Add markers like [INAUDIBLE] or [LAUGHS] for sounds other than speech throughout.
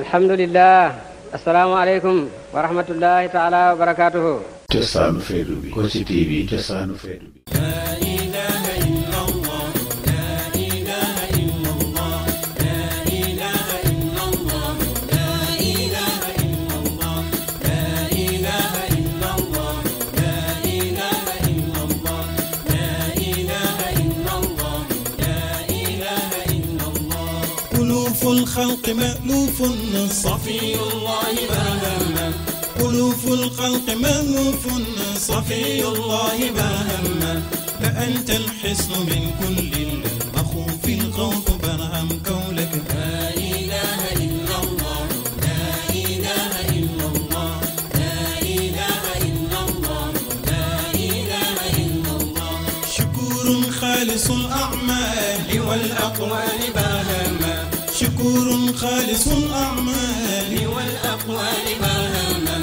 الحمد لله السلام عليكم ورحمة الله تعالى وبركاته الخلق مألوف صفي الله ما همه ألوف الخلق مألوف صفي الله ما همه فأنت الحصن من كل المخوف الخوف برهم قولك لا إله إلا الله لا إله إلا الله لا إله إلا الله لا إله إلا الله شكور خالص الأعمال والأقوال باهما صبور خالص الأعمال والأقوال برهما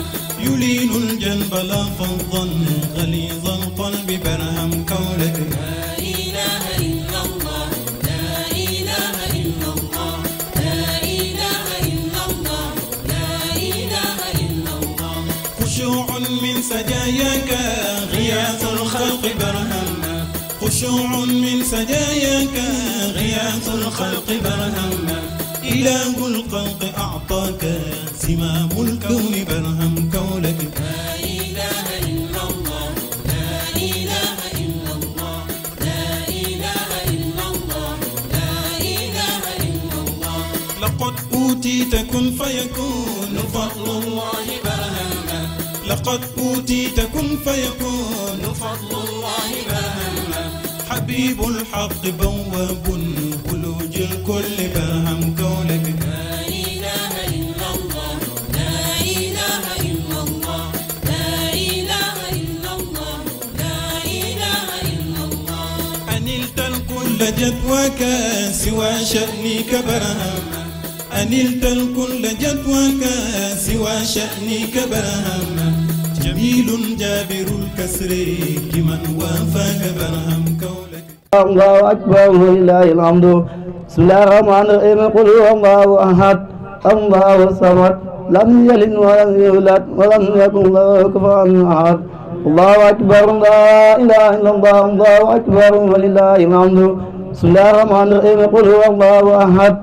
يلين الجنب لا فظا غليظ القلب برهم قولك لا إله إلا الله لا إله إلا الله لا إله إلا الله لا إله إلا الله خشوع من سجاياك غياث الخلق برهما خشوع من سجاياك غياث الخلق برهما إله الخلق أعطاك سمام الكون برهم كونك لا إله إلا الله لا إله إلا الله لا إله إلا الله لا إله إلا الله لقد أوتيت كن فيكون فضل الله برهما لقد أوتيت كن فيكون فضل الله برهما حبيب الحق بواب قلوج الكل باهم كونك لا إله إلا الله لا إله إلا الله لا إله إلا الله لا إله إلا الله أنلت الكل جدواك سوى شأنك برهم أنلت الكل جدواك سوى شأنك برهم جميل جابر الكسر لمن وافاك برهم كونك الله أكبر ولله الحمد بسم الله الرحمن الرحيم قل هو الله أحد الله الصمد لم يلد ولم يولد ولم يكن له كفوا أحد الله أكبر لا إله إلا الله الله أكبر ولله الحمد بسم الله الرحمن الرحيم قل هو الله أحد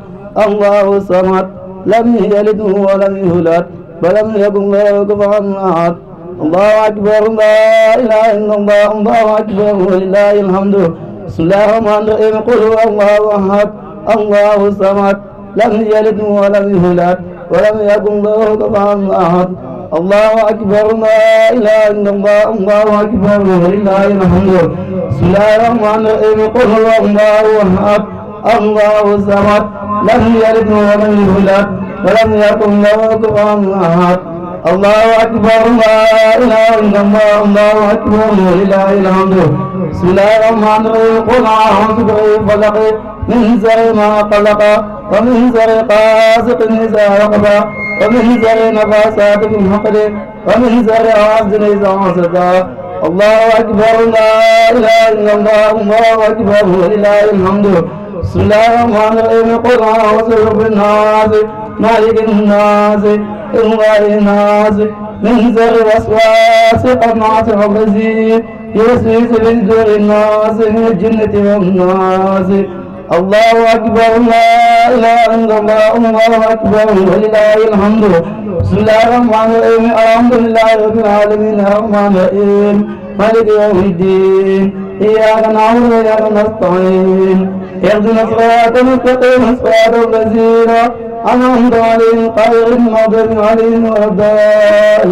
الله الصمد لم يلد ولم يولد ولم يكن له كفوا أحد الله أكبر لا إله إلا الله الله أكبر ولله الحمد بسم الله الرحمن الرحيم قل هو الله أحد الله الصمد لم يلد ولم يولد ولم يكن له كفوا أحد الله أكبر لا إله إلا الله الله أكبر ولله الحمد بسم الله الرحمن الرحيم قل هو الله أحد الله الصمد لم يلد ولم يولد ولم يكن له كفوا أحد الله أكبر لا إله إلا الله الله أكبر لله الحمد بسم الله الرحمن الرحيم قل أعوذ برب الفلق من شر ما قلق ومن شر قاسق إذا وقف ومن شر نفاسات في العقد ومن شر حاسد إذا حسد الله أكبر لا إله إلا الله الله أكبر لله الحمد بسم الله الرحمن الرحيم قل أعوذ برب الناس مالك الناس إغواء الناس من زر الوسواس قمعة الغزير يوسوس من زر الناس من الجنة والناس الله أكبر لا إله إلا الله الله أكبر ولله الحمد بسم الله الرحمن الرحيم الحمد لله رب العالمين الرحمن الرحيم مالك يوم الدين إياك نعبد وإياك نستعين اهدنا الصراط المستقيم صراط الذين أنعمت عليهم غير المغضوب عليهم ولا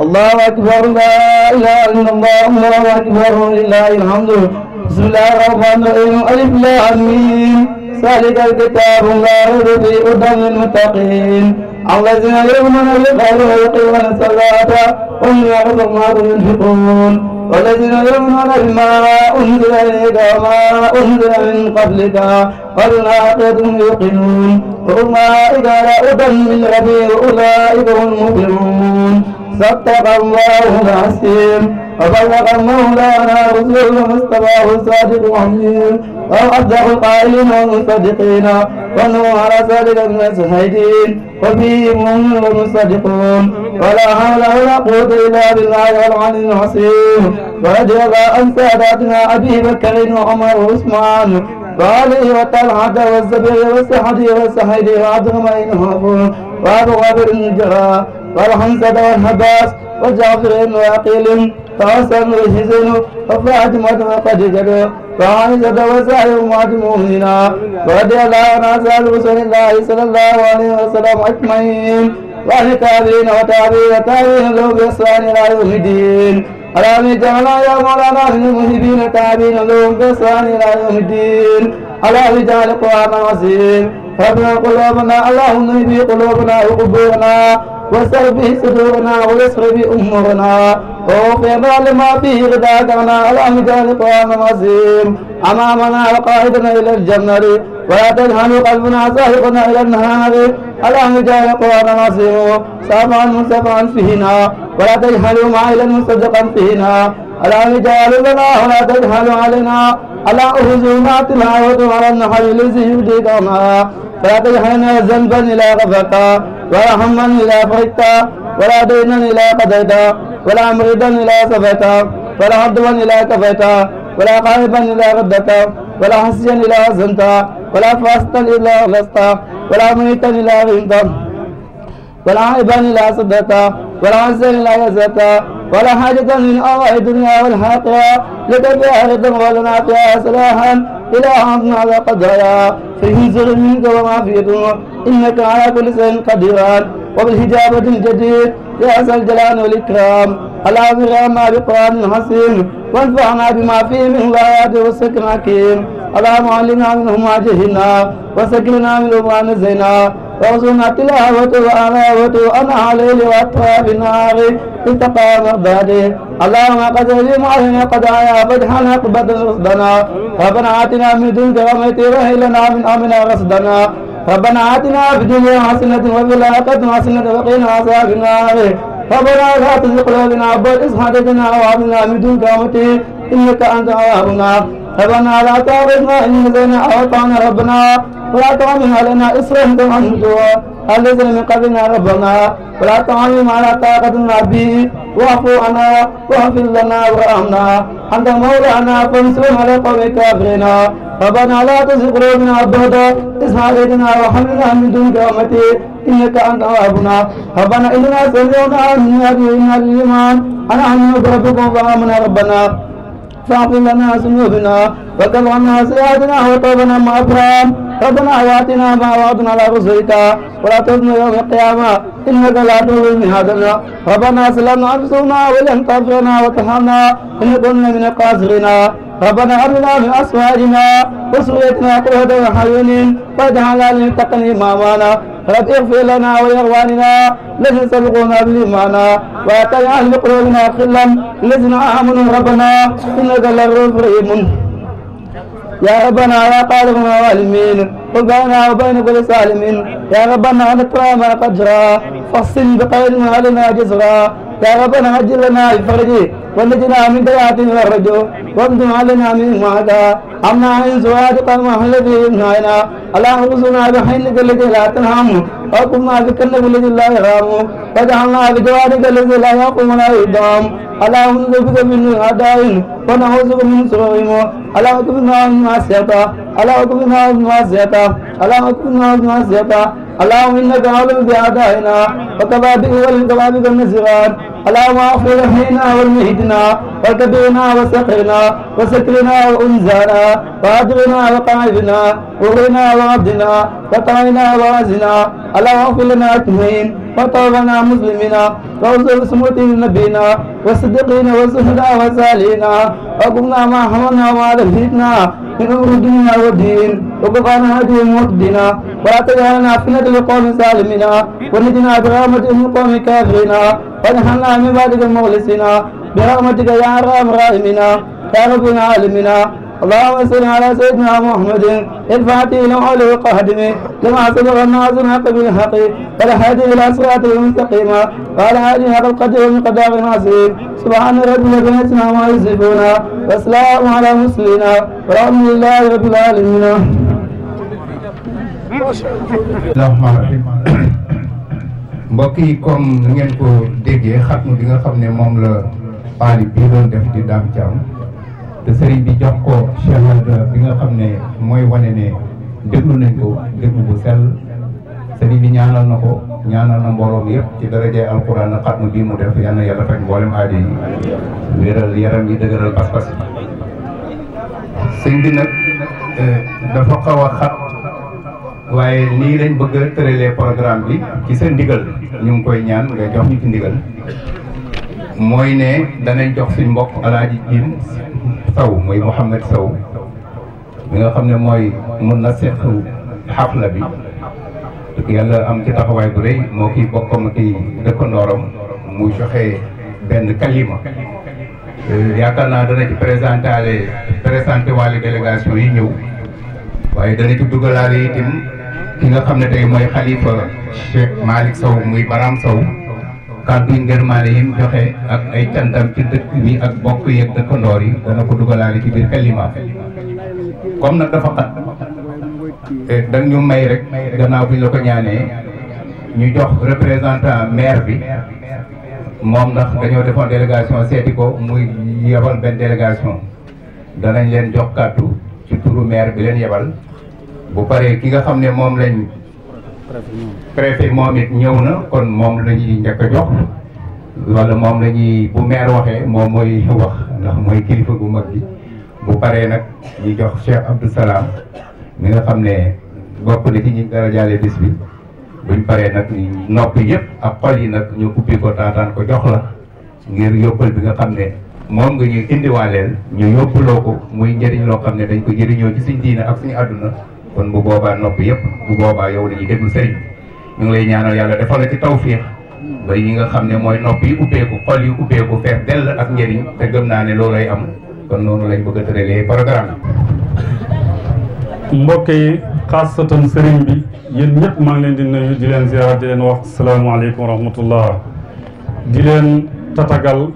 الله أكبر لا إله إلا الله الله أكبر لله الحمد بسم الله الرحمن الرحيم ألف لامين ذلك الكتاب لا ريب فيه هدى للمتقين الذين يؤمنون بالخير ويقيمون الصلاة ومما رزقناهم ينفقون والذين يؤمنون بما أنزل إليك وما أنزل من قبلك والآخرة يوقنون وأولئك على هدى من ربي وأولئك هم المفلحون صدق الله العظيم وصدق مولانا رسول مصطفاه الصادق الامين واصدق القائلين والمصدقين ونور صادق المسهدين وفيهم هم المصدقون ولا حول ولا قوه الا بالله العلي العظيم ورجل عن ساداتنا ابي بكر وعمر وعثمان وعلي وطلحة والزبير والسحدي والسحيد وعبد الرحمن المغفور وابو غابر الجراح والحمزة والحباس وجعفر وعقيل فأسلم الحزن وفاطمة وخديجة وعنزة وسائر أمهات المؤمنين ورضي الله عن أصحاب رسول الله صلى الله عليه وسلم أجمعين وعن التابعين وتابعين وتابعين له بإحسان إلى يوم الدين اللهم اجعلنا يا مولانا من المحبين التابعين لهم بإحسان إلى يوم الدين اللهم اجعل قرآنا عظيم فابنا قلوبنا اللهم اهدي قلوبنا وقبورنا وسر به صدورنا ويسر به أمورنا ووفقنا لما فيه غداة لنا الأمجاد قوام عظيم أمامنا وقائدنا إلى الجنة ولا تجهل قلبنا سائقنا إلى النهار الأمجاد قوام عظيم سامعا مستمعا فينا ولا تجهل مائلا مصدقا فينا الأمجاد لنا ولا تجهل علينا على أهزونا تلاوة على النحل الذي يبدي فلا تجهلنا ذنبا إلى غفرتا ولا إلى فرجتا ولا دينا الى قضيتا ولا مريضا الى شفيته ولا عدوا الى كفيتا ولا قائبا الى ردته ولا حسيا الى حزنتا ولا فاسدا الى غلسته ولا ميتا الى غيمتا ولا عائبا الى صدتا ولا عزا الى يزته ولا حاجة من أرواح الدنيا والحاقية لتبيع غدا ولنا فيها صلاحا إلى عظم على قدرها فيه سر منك وما في إنك على كل شيء قدير وبالحجابة الجديد يا ذا الجلال والإكرام اللهم ارحمنا بقرآن حسين وانفعنا بما فيه من غايات وسكن حكيم اللهم علمنا منه ما جهلنا وسكننا من أمان زينا وارزقنا تلاوته وآناء وأنا عليه وأطراف النار التقى مرضاته اللهم قد علم علينا قضايا فاجعلنا قبة رصدنا ربنا آتنا من دنك رميت رحلنا من أمنا رصدنا ربنا آتنا في الدنيا حسنة وفي الآخرة حسنة وقنا عذاب النار ربنا لا تزغ قلوبنا بعد إذ هديتنا وهب لنا من دونك رحمة إنك أنت الوهاب ربنا لا تاخذنا إن نسينا أو أطعنا ربنا ولا تعمل علينا إصرا كما نسوا الذين من قبلنا ربنا ولا تعمل ما لا طاقة لنا به واعف عنا واغفر لنا وارحمنا أنت مولانا فانصرنا على القوم الكافرين ربنا لا تزغ قلوبنا بعد إذ هديتنا وهب لنا من دونك رحمة إنك أنت وهابنا ربنا إننا سمعنا من هذه الإيمان أنا أن بربكم فآمنا ربنا فاغفر لنا ذنوبنا وكف عنا سيئاتنا وتوبنا مع ابراهيم ربنا واتنا ما وعدنا على رسلك ولا تخزنا يوم القيامه انك لا تخزي ميعادنا ربنا اسلمنا انفسنا ولن تغفرنا وارحمنا ان كنا من القاصرين ربنا ارنا في اسفارنا وسويتنا قوه وحيون واجعلنا للمتقين مامانا رب اغفر لنا ولإخواننا الذين سبقونا بالإيمان ولا أهل قلوبنا خلا الذين آمنوا ربنا إنك لرؤوف رحيم يا ربنا يا قادر الظالمين وبيننا وبين كل سالمين يا ربنا نكرم ما قد جرى فصل بقيد علينا جزرا يا ربنا هجل لنا الفرج ونجنا من بياتنا الرجو وامدم علينا من وعدا أمنا عن سواد قام الذي يمنعنا اللهم ارزقنا بحلك الذي لا تنهم وقمنا بكنك الذي لا يرام وجعلنا بجوارك الذي لا يقوم لا يدام اللهم نذبك من أعدائهم ونعوذ بك من سوءهم اللهم اكفنا من معصيته اللهم اكفنا من معصيته اللهم اكفنا من معصيته اللهم انك عالم بأعدائنا وكبابئ والكبابئ النسران اللهم اغفر حينا والمهدنا وكبرنا وسقينا وسكرنا وانزانا واجرنا وقعدنا وغنا وعبدنا وطعنا وعزنا اللهم اغفر لنا اجمعين وطوبنا مسلمنا وانزل سموتنا نبينا والصديقين والزهداء والسالينا وقمنا ما حملنا وعلى فيتنا من امر الدنيا والدين وقضانا هدي موحدنا ولا تجعلنا فتنة لقوم ظالمنا ونجنا برحمة من قوم كافرنا واجعلنا من بعدك المخلصين برحمتك يا ارحم الراحمين يا رب العالمين اللهم صل على سيدنا محمد الفاتح لما له قادم كما صدق الناس الحق بالحق والهادي الى صراط المستقيم وعلى اله حق القدر من قدر العظيم سبحان ربنا رب ما عما يصفون والسلام على المرسلين والحمد لله رب العالمين. اللهم mbokk yi comme ni ngeen ko déggee xatmu bi nga xam ne moom la paalib bii doon def di daam jaam te sëriñ bi jox ko shahada bi nga xam ne mooy wane ne déglu nañ ko déglu bu sell sëriñ bi ñaanal na ko ñaanal na mbooloom yëpp ci darajee alquran na xatmu bii mu def yal na yàlla faj mboolem aajo yi wéeral yaram yi dëgëral pas-pas sëñ bi nag eh, dafa xaw a xat waaye nii lañ bëgg a tëralee programme bi ci sa ndigal ñu ngi koy ñaan nga jox ñu ci ndigal mooy ne danañ jox suñ mbokk alaaji jim saw mooy Mouhamed Saw bi nga xam ne mooy mun na seq xafla bi yàlla am ci taxawaay bu rëy moo kiy bokkam ki dëkkandooram mu joxe benn kalima yaakaar naa dana ci présenté présenté waale délégation yi ñëw waaye dana ci dugalaale itam ki nga xam ne tey mooy xalifa Cheikh Malick Sow muy Baram Sow kàddu ngërmaale yi mu joxe ak ay cantam ci dëkk bi ak bokk yeeg dëkkandoor yi dana ko dugalaale ci biir kalima comme nag dafa xat eh, dañ ñu may rek gannaaw bi ñu la ko ñaanee ñu jox représentant maire bi moom ndax dañoo defoon délégation seeti ko muy yebal benn délégation danañ leen jox kàddu ci turu maire bi leen yebal bu paree ki nga xam ne moom lañ préfet moom it ñëw na kon moom la ñuy njëkk jox wala moom la ñuy bu maire waxee moom mooy wax ndax mooy kilifa gu mag bi bu paree nag ñu jox Cheikh Abdou Salam mi nga xam ne bokk na ci ñi dara jaale bis bi buñ paree nag nopp yëpp ak xol yi nag ñu ubbi ko taataan ko jox la ngir yóbbal bi nga xam ne moom nga ñuy indiwaaleel ñu yóbbuloo ko muy njëriñ loo xam ne dañ ko jëriñoo ci suñ diine ak suñu àdduna kon bu boobaa nopp yëpp bu boobaa yow la ñuy déglu sëriñ ñu ngi lay ñaanal yàlla defal la ci tawfiix ba yi nga xam ne mooy nopp yi ubbeeku xol yi ubbeeku fees dell ak njariñ te gëm naa ne loolu loolay am kon noonu lañ bëgg a tëralee programme mbokk yi xaasatan sëriñ bi yéen ñëpp maa ngi leen di nuyu di leen ziara di leen wax salaamaaleykum wa rahmatullah di leen tatagal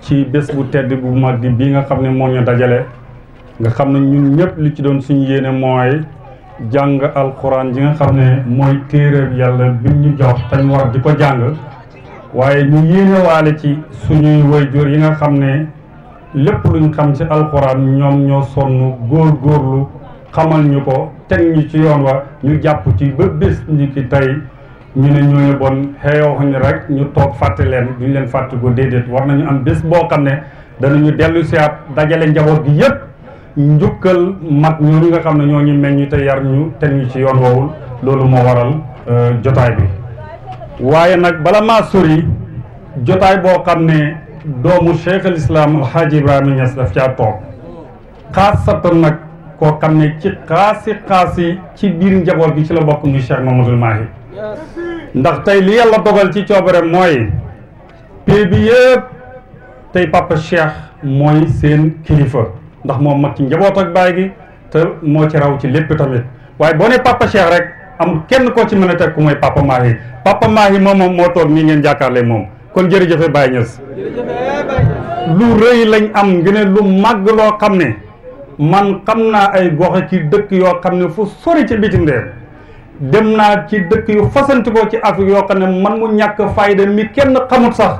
ci bés bu tedd bu mag bi nga xam ne moom ñu dajale nga xam ne ñun ñëpp li ci doon suñu yéene mooy jàng alxuraan ji nga xam ne mooy téeréeb yàlla bi ñu jox tañ war di ko jàng waaye ñu yéene waale ci suñuy waajur yi nga xam ne lépp luñ xam ci alxuraan ñoom ñoo sonn góor góorlu xamal ñu ko teg ñu ci yoon wa ñu jàpp ci ba bés ñi ki tey ñu ne ñooñu bon xeewuñu rek ñu toog fàtte leen duñ leen fàtte ko déedéet war nañu am bés boo xam ne danañu dellu siyaat dajale njaboot gi yëpp njukkal mag ñooñu nga xam ne ñoo ñu meññ te yar ñu te ñu ci yoon woowul loolu moo waral euh, jotaay bi waaye nag bala maa sori jotaay boo xam ne doomu cheikh al islam alxaaji ibrahima ñas daf caa toog xaasatan nag koo xam ne ci xaasi xaasi ci biir njaboot bi ci la bokk ñu cheikh mamadul maahi ndax tey li yàlla dogal ci coobare mooy pay bi yëpp tey papa cheikh mooy seen kilifa ndax moom mag ci njaboot ak baay gi te moo ci raw ci lépp tamit waaye boo ne papa Cheikh rek am kenn koo ci mën a teg ku mooy papa Mahi papa Mahi moom moom moo toog nii ngeen jàkkaarle moom kon jërëjëfe Baye Niass lu rëy lañ am ngi ne lu màgg loo xam ne man xam naa ay goxe ci dëkk yoo xam ne fu sori ci bitim réew dem naa ci dëkk yu fasantikoo ci Afrique yoo xam ne man mu ñàkk fayda mi kenn xamut sax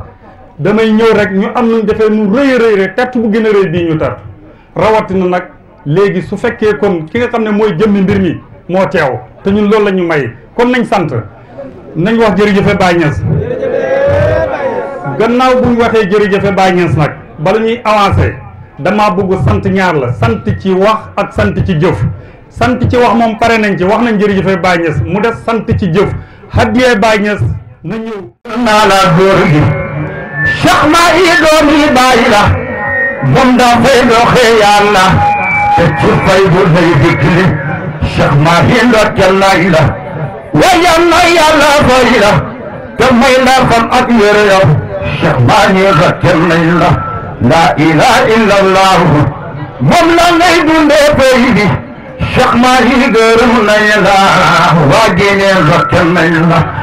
damay ñëw rek ñu am nuñ defee nu rëy rëy rek bu gën a rëy bii ñu tert rawatina nag léegi su fekkee kon ki nga xam ne mooy jëmmi mbir mi moo teew te ñun loolu la ñu may kon nañ sant nañ wax jërëjëfe Baye Niass gannaaw bu ñu waxee jërëjëfe Baye Niass nag bala ñuy avancé damaa bëgg sant ñaar la sant ci wax ak sant ci jëf sant ci wax moom pare nañ ci wax nañ jërëjëfe Baye Niass mu des sant ci jëf haddiyee Baye Niass na ñëw naa la góor gi Cheikh maa yi doom yi bàyyi la bunda faydo xeyalla teccu faydo zaydikli cheikh mahindo tellayla wayanna yalla fayla tamayla fam ak yero cheikh mahindo tellayla la ilaha illa allah moom la ngay dundee faydi cheikh mahindo gërëm nañ la waajine zakkal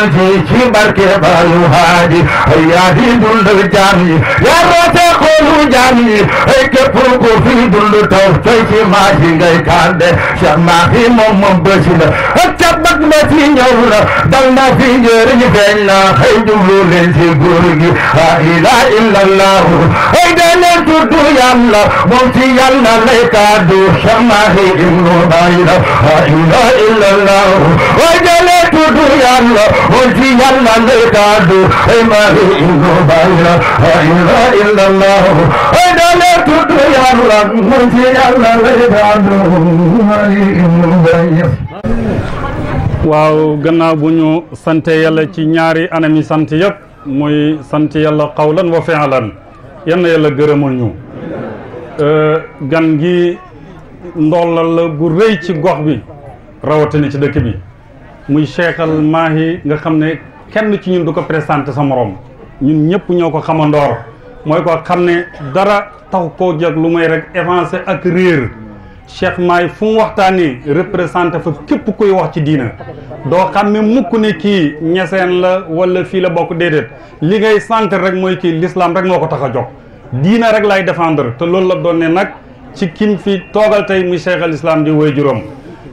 جی چھ جی، بر کے بالو ہاری ایا ہی ڈنڈ جانی یا روتا کھولو جانی اے کے پھو کو بھی ڈنڈ تو چھ کے جی ما جنگے کان دے شرما ہی مم مم بسل اچھا بد میں تھی جی نور دلنا بھی رن گیل نا ہے دور رن سی گور گی لا الہ الا اللہ اے دل تو تو یا اللہ مونتی اللہ لے کا دو شرما ہی انو دائرہ لا الہ الا اللہ اے دل tudu yalla ulti yalla le kadu ay mari inno bayra ay la illallah ay dale tudu yalla ulti yalla le kadu ay inno bayra waaw gannaaw bu ñu sante yàlla ci ñaari anami sant yëpp muy sant yàlla xawlan wa fi'lan yal na yàlla gërëmal ñu gan gi ndollal la gu rëy ci gox bi rawatina ci dëkk bi muy Cheikh al Mahi nga xam ne kenn ci ñun du ko présenté sa morom ñun ñëpp ñoo ko xamandoor mooy ko xam ne dara taxu koo jóg lu may rek avancé ak réer Cheikh Mahi fu mu waxtaanee représenté fa képp koy wax ci diina doo xam ne mukk ne kii ñeseen la wala fii la bokk déedéet li ngay centre rek mooy kii l'islam rek moo ko tax a jóg diina rek lay défendre te loolu la doon ne nag ci kin fi toogal tey muy Cheikh al di woy juróom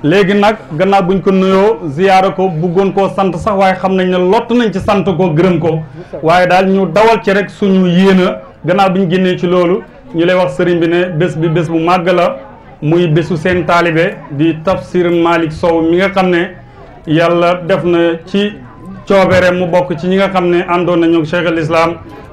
léegi nag gannaaw buñ ko nuyoo ziyaara ko buggoon koo sant sax waaye xam nañ ne lott nañ ci sant ko gërëm ko waaye daal ñu dawal ci rek suñu yéene gannaaw bi ñu génnee ci loolu ñu lay wax sëriñ bi ne bés bi bés bu màgg la muy bésu seen taalibe di Tafsir Malick Sow mi nga xam ne yàlla def na ci coobere mu bokk ci ñi nga xam ne àndoon nañu Cheikh al la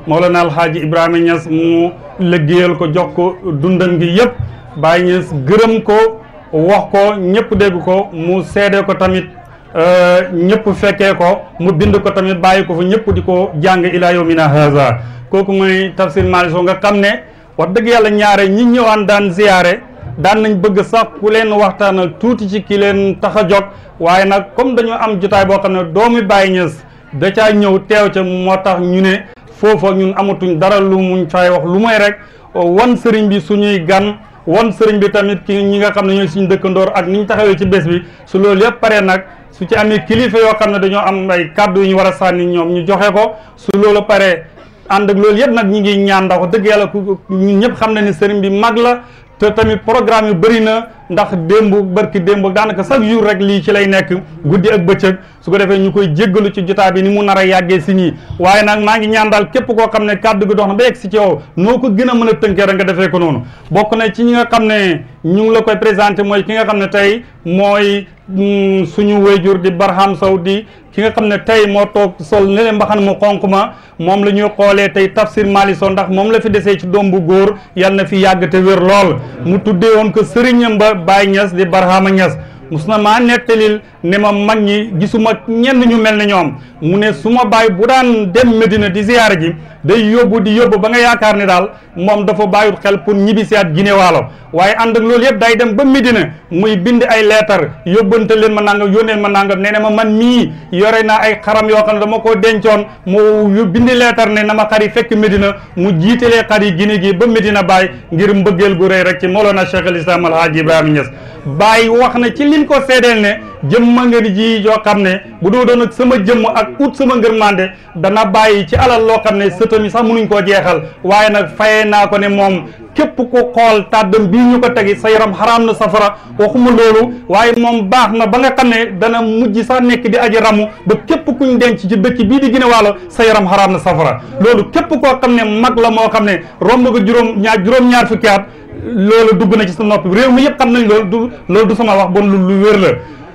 Mawlana Alhaaji Ibrahima Niass mu liggéeyal ko jox ko dundam gi yëpp Baye Niass gërëm ko wax ko ñëpp dégg ko mu seede ko tamit euh, ñëpp fekkee ko mu bind ko tamit bàyyi ko fa ñëpp di ko jàng ilaa yawmina haza kooku mooy tafsir Maalik Sow nga xam ne wax dëgg yàlla ñaare ñi ñëwaan daan ziyaare daan nañ bëgg sax ku leen waxtaanal tuuti ci ki leen tax a jóg waaye nag comme dañu am jotaay boo xam ne doomu Baay Ñas da ca ñëw teew ca moo tax ñu ne foofa ñun amatuñ dara lu muñ fay wax lu mooy rek wan sëriñ bi suñuy gan won sëriñ bi tamit ki ñi nga xam ne ñooy suñu dëkkandoor ak ni ñu taxawee ci bees bi su loolu yëpp pare nag su ci amee kilifa yoo xam ne dañoo am ay kàddu yu ñu war a sànni ñoom ñu joxe ko su loolu paree ànd ak loolu yëpp nag ñu ngi ñaan ndax dëgg yàlla ku ñun ñëpp xam na ni sëriñ bi mag la te tamit programme yu bëri na ndax démb barki démb daanaka chaque jour rek lii ci lay nekk guddi ak bëccëg su ko defee ñu koy jéggalu ci jotaa bi ni mu nar a yàggee si nii waaye nag maa ngi ñaan daal képp koo xam ne kàddu gi dox na ba egg si ci yow noo ko gën a mën a tënkee rek nga defee ko noonu bokk na ci ñi nga xam ne ñu la koy présenté mooy ki nga xam ne tey mooy mm, suñu wéyjur di Barham Sow di ki nga xam ne tey moo toog sol ne leen mbaxan mu xonq ma moom la ñuy xoolee tey tafsir maliso ndax moom la fi desee ci doom bu góor yàlla na fi yàgg te wér lool mu tuddee woon ko sëriñam ba Baye Niass di Barhama Niass mus na maa nettalil ne ma mag ñi gisuma ñenn ñu mel na ñoom mu ne su ma bàyyi bu daan dem Medina di ziyaara ji day yóbbu di yóbbu ba nga yaakaar ne daal moom dafa bàyyut xel pour ñibbisiwaat Guinée Waalo waaye ànd ak loolu yëpp day dem ba Médina muy bind ay leetar yóbbante leen ma nangam yónneel ma nangam nee na ma man mii yore naa ay xaram yoo xam ne dama koo dencoon mu bindi leetar ne na ma xar yi fekk Médina mu jiitalee xar yi Guinée gi ba Médina Baye ngir mbëggeel gu rëy rek ci Mawlana Cheikh al Islam Alhaaji Ibrahima Niass Baye wax na ci liñ ko seedeel ne jëmma ngeen ji yoo xam ne bu doo doon ak sama jëmm ak ut sama ngërmande dana bàyyi ci alal loo xam toll ni sax mënuñ koo jeexal waaye nag fayee naa ko ne moom képp ku xool tàddam bii ñu ko tegee sa yaram xaraam na safara waxuma loolu waaye moom baax na ba nga xam ne dana mujj sax nekk di aji ramu ba képp kuñ denc ci dëkk bii di gën Guinée-Waalo sa yaram xaram na safara loolu képp koo xam ne mag la moo xam ne romb ko juróom ñaar juróom-ñaar fukki at loolu dugg na ci sa nopp réew mi yëpp xam nañ loolu du loolu du sama wax bon lu wér la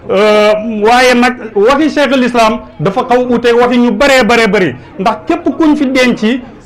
Euh, waaye nag waxi cheikhul islam dafa xaw uute waxi ñu bëree bëree bëri ndax képp kuñ fi denc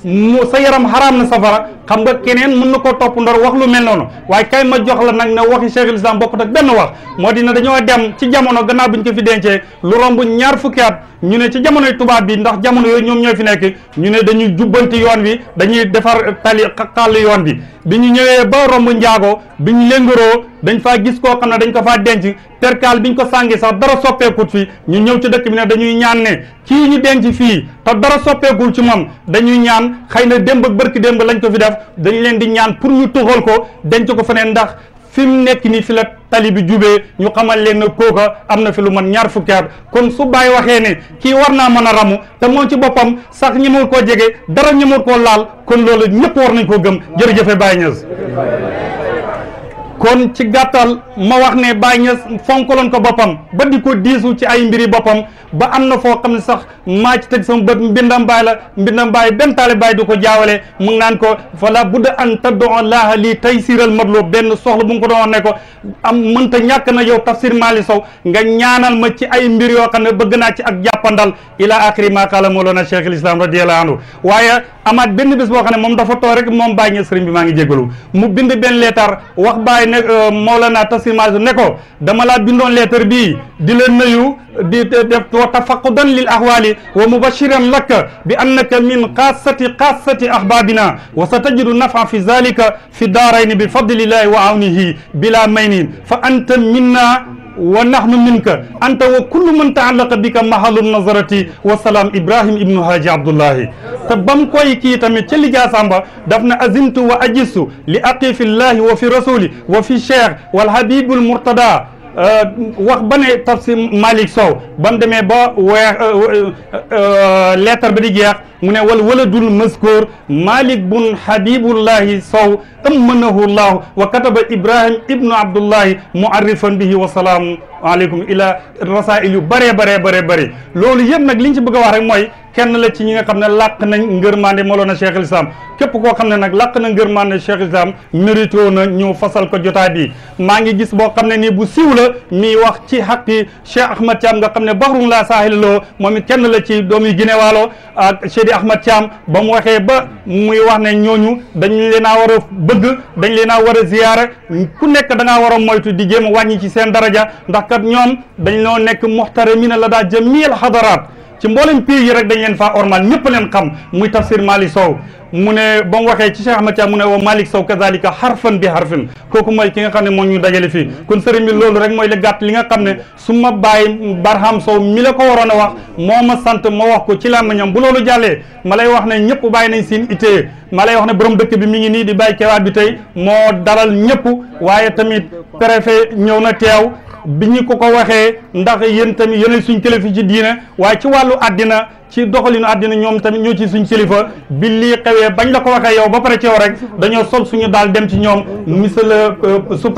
mu sa yaram xaraam na safara xam nga keneen mën na koo topp ndor wax lu mel noonu waaye kay ma jox la nag ne waxi cheikhul islam bokkut ak benn wax moo dina ne dañoo dem ci jamono gannaaw bi ñu ko fi dencee lu romb ñaar fukki at ñu ne ci jamonoy tubaab bi ndax jamono yooyu ñoom ñoo fi nekk ñu ne dañuy jubbanti yoon wi dañuy defar tali xàll yoon bi bi ñu ñëwee ba romb njaago bi ñu léngaroo dañ faa gis koo xam ne dañ ko faa denc terkaal biñ ko sàngi sax dara soppeekut fi ñu ñëw ci dëkk bi ne dañuy ñaan ne kii ñu denc fii te dara soppeekul ci moom dañuy ñaan xëy na démb ak bërki démb lañ ko fi def milliards dañ leen di ñaan pour ñu tuxal ko denc ko feneen ndax fi mu nekk nii fi la tali bi jubee ñu xamal leen ne kooka am na fi lu man ñaar fukki at kon su bàyyi waxee ne kii war naa mën a ramu te moom ci boppam sax ñemewul koo jege dara ñemewul koo laal kon loolu ñëpp war nañ koo gëm jërëjëfe Baye Niass kon ci gàttal ma wax ne Baye Niass fonkaloon ko boppam ba di ko ci ay mbiri boppam ba am na foo xam ne sax maa ci teg sama bët mbindam baay la mu ko fala budda an tadoo laaha lii tay siiral matlo benn soxla bu nga ko ne ko am mënta ñàkk na yow tafsir maali sow nga ñaanal ma ci ay mbir yoo xam bëgg ci ak ila axiri maa qaala moolana cheikh islam radiallahu anhu waaye amat benn bés boo xam ne dafa too rek moom Baye Niass sëriñ bi maa ngi jégalu mu bind wax Baye ne Mawlana Tafsir Maalik ne ko dama laa bindoon lettre bii di la nuyu di def wa tafaqudan lil ahwali wa mubashiran laka bi annaka min qaasati qaasati ahbabina wa satajidu nafa fi zalika fi daarayni bi fadlillahi wa awnihi bila maynin fa anta minna ونحن منك أنت وكل من تعلق بك محل النظرة وسلام إبراهيم ابن هاجي عبد الله تبام كوي كي تامي تشلي جاسامبا دفنا أزمت وأجس لأقي في الله وفي رسولي وفي الشيخ والحبيب المرتضى Euh, wax ba ne tafsir Malick Sow ba mu demee ba weer euh, euh, lettre bi di jeex mu ne wal waladul maskur Malick bun Habibullahi Sow ammanahu llahu wa kataba Ibrahim ibnu Abdullahi muarrifan bihi wa salaamu aleykum ila rasail yu bëree bëree bëree bëri loolu yëpp nag liñ ci bëgg a wax rek mooy kenn la ci ñi nga xam ne làq nañ ngërmande Mawlana Cheikh Islam képp koo xam ne nag làq na ngërmande Cheikh Islam mérito na ñu fasal ko jotaay bi maa ngi gis boo xam ne nii bu siw la miy wax ci xaqi Cheikh Ahmad Thiam nga xam ne baxrum laa saahil loo moom it kenn la ci doom doomi Ginewaalo ak Seydi Ahmad Thiam ba mu waxee ba muy wax ne ñooñu dañ leen a war a bëgg dañ leen a war a ziyaara ku nekk da ngaa moytu di jéem wàññi ci seen daraja ndax kat ñoom dañ loo nekk muxtaramina la daa jamiil xadaraat ci mboolem pays yi rek dañ leen faa ormal ñëpp leen xam muy tafsir Malick Sow mu ne ba mu waxee ci Cheikh ma Thiam mu ne wa malik Sow kazalika harfan bi harfin kooku mooy ki nga xam ne moo ñu dajale fii kon sëriñ bi loolu rek mooy la gàtt li nga xam ne su ma bàyyi Barham Sow mi la ko waroon a wax moo ma sant ma wax ko ci làmmiñam bu loolu jàllee ma lay wax ne ñëpp bàyyi nañ seen ittee ma lay wax ne borom dëkk bi mu ngi nii di bàyyi kewaat bi tey moo dalal ñëpp waaye tamit préfet ñëw na teew bi ñu ko ko waxee ndax yéen tamit yeneen suñ kilifa ci diine waaye ci wàllu àddina ci doxalinu àddina ñoom tamit ñoo ci suñ kilifa bi lii xewee bañ la ko waxee yow ba pare ci yow rek dañoo sol suñu daal dem ci ñoom monsieur le euh, sous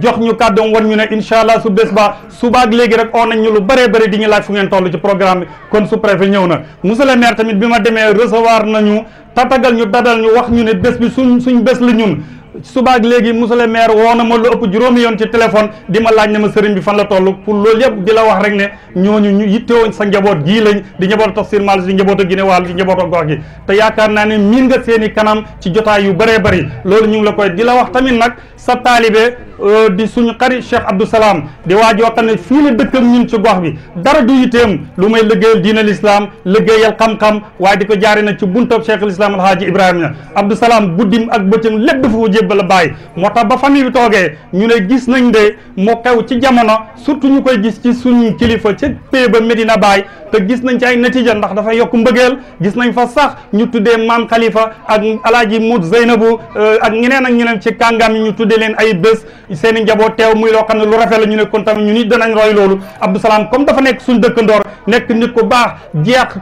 jox ñu kàddoom war ñu ne incha allah su bés ba subaak léegi rek oo nañ ñu lu bëree bëri di ñu laaj fu ngeen toll ci programme bi kon sous ñëw na monsieur le maire tamit bi ma demee recevoir nañu tatagal ñu dadal ñu wax ñu ne bés bi suñ suñ bés la ñun subaak léegi musale maire woo na ma lu ëpp juróomi yoon ci téléphone di ma laaj ne ma sëriñ bi fan la toll pour loolu yëpp di la wax rek ne ñooñu ñu yittewooñ sa njaboot gii lañ di njaboot tafsir Maalik di njaboot a Gine Waal di njaboot a gox gi te yaakaar naa ne miin nga seeni i kanam ci jotaay yu bëree bari loolu ñu la koy di la wax tamit nag sa taalibe Euh, di suñu xarit Cheikh Abdou salaam di waa joo xam ne fii la dëkkam ñun ci gox bi dara du yiteem lu may liggéeyal diin lislaam islam liggéeyal xam-xam waaye di ko jaari na ci buntab Cheikh al islam alhaaji Ibrahima Abdou salaam guddim ak bëccëm lépp dafa ko jébbal bàyyi moo tax ba famille bi toogee ñu ne gis nañ de moo xew ci jamono surtout ñu koy gis ci suñu kilifa ci pee ba Medina baay te gis nañ ci ay natija ndax dafay yokk mbëggeel gis nañ fa sax ñu tuddee maam Khalifa ak alaaji Mout Zeynabu euh, ak ñeneen ak ñeneen ci kàngam yi ñu tuddee leen ay bés seen i njaboot teew muy loo xam ne lu rafet la ñu ne kon tamit ñu nit danañ roy loolu Abdou Salaam comme dafa nekk suñ dëkkandoor nekk nit ku baax jeex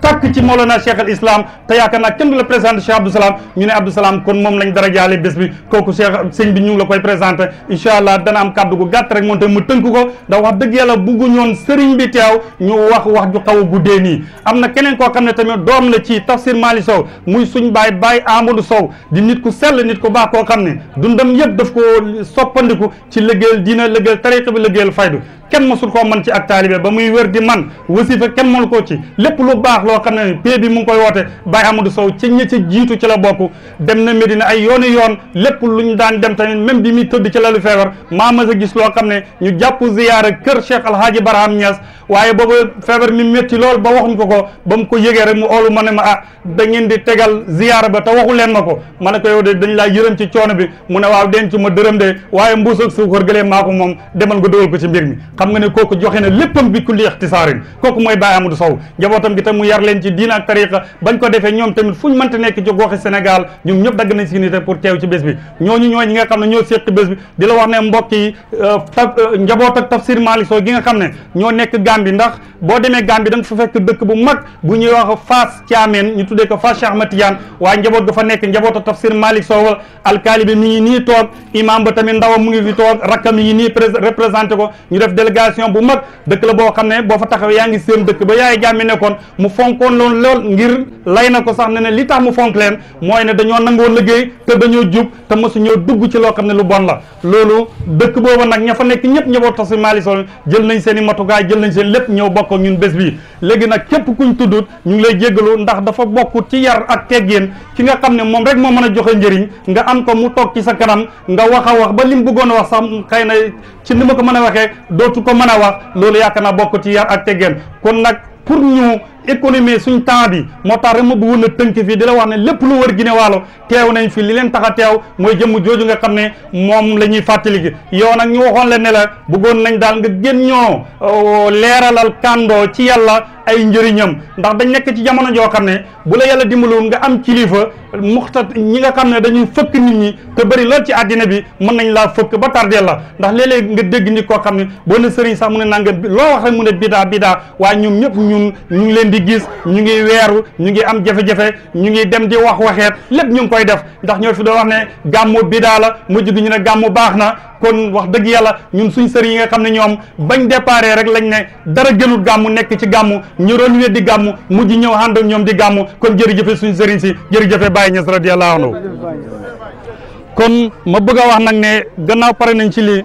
tàkk ci Mawlana Cheikh al Islam te yaakaar naa kenn du la présenté Cheikh Abdou Salaam ñu ne Abdou Salaam kon moom lañ dara jaale bés bi kooku Cheikh sëñ bi ñu la koy présenté incha allah dana am kàddu gu gàtt rek moom tamit mu tënk ko ndax wax dëgg yàlla buggu ñoon sëriñ bi teew ñu wax wax ju xaw a guddee nii am na keneen koo xam ne tamit doom la ci tafsir Mali Sow muy suñ baay baay Amadou Sow di nit ku sell nit baax koo xam ne dundam yëpp daf soppandiku ci liggéeyal diina liggéeyal tariqa bi liggéeyal faydu kenn mësul koo man ci ak taalibe ba muy wér di man wasifa kenn mënu koo ci lépp lu baax loo xam ne pee bi mu ngi koy woote Baye Amadou Sow ci ñi ci jiitu ci la bokk dem na Medina ay yooni yoon lépp lu ñu daan dem tamit même bi muy tëdd ci lalu feebar maa mas a gis loo xam ne ñu jàpp ziyaara kër Cheikh Alhaaji Barham ñaas waaye boobu feebar mi métti lool ba waxuñ ko ko ba mu ko yëgee rek mu oolu ma ne ma ah da di tegal ziyaara ba te waxu leen ma ko ma ne ko yow de dañ laa yërëm ci coono bi mu ne waaw denc ma dërëm de waaye mbuus ak suukar gëlee maa ko moom demal nga dugal ko ci mbir mi xam nga ne kooku joxe na léppam bi kulli ixtisaarin kooku mooy Baye Amadou Sow njabootam gi tam mu yar leen ci diina ak tariqa bañ ko defee ñoom tamit fu ñu mënta nekk ci goxi Sénégal ñëpp dagg nañ si nité pour teew ci bés bi ñooñu ñooy ñi nga xam ne ñoo séq bés bi la wax euh, euh, gi nga xam ne ñoo nekk Gambie ndax boo demee Gambie da nga fa fekk dëkk bu mag bu ñuy wax Fass Thiamène ñu tuddee ko Fass Cheikh waaye njaboot ga fa nekk bu mag dëkk la boo ne boo fa taxawee yaa ngi seen dëkk ba yaay jàmmi nekkoon mu fonkoon loolu lool na ko sax ne li tax mu fonk leen mooy ne dañoo nangoo liggéey te dañoo jub te mosu ñoo lu bon la loolu dëkk booba nag ña fa nekk ñëpp njaboot tafsir Malick Sow jël nañ seen i jël nañ seen lépp ñëw bokk ñun bés bi léegi nag képp ku ñu tuddut ñu ngi lay jéggalu ndax dafa bokk ci yar ak teggeen ki nga xam ne moom rek moo mën a joxe njariñ nga am ko mu toog ci sa kanam nga wax a wax ba lim bëggoon a wax sax xëy na ci ni ma ko mën a waxee dootu ko mën a wax loolu yaakaar naa bokk ci yar ak teggeen kon nag pour ñu économie suñ temps bi moo tax rek ma bëggoon na tënk fii di la wax ne lépp lu wër Guinée Waalo teew nañ fi li leen tax a teew mooy jëmm jooju nga xam ne moom lañuy ñuy fàttali yow nag ñu waxoon la ne la bëggoon nañ daal nga gën ñoo oh, leeralal kàndoo ci yàlla ay njëriñam ndax dañ nekk ci jamono joo xam ne bu la yàlla dimbalul nga am kilifa muxta ñi nga xam ne dañuy fëkk nit ñi te bari lool ci àddina bi mën nañ laa fëkk ba tardé la ndax léeg-léeg nga dégg nit koo xam ne boo ne sëriñ sax mu ne nangam loo wax rek mu ne bidaa leen di gis ñu ngi weeru ñu ngi am jafe-jafe ñu ngi dem di wax waxeet lépp ñu ngi koy def ndax ñoo fi doon wax ne gàmmu bidaa la mujj gi ñu ne gàmmu baax na kon wax dëgg yàlla ñun suñ sëriñ yi nga xam ne ñoom bañ déparé rek lañ ne dara gënul gàmmu nekk ci gàmmu ñu doon di gàmmu mujj ñëw ànd ak ñoom di gàmmu kon jërëjëfe suñ sëriñ si jërëjëfe Baye Niass radiyallahu anhu kon ma bëgg a wax nag nañ ci lii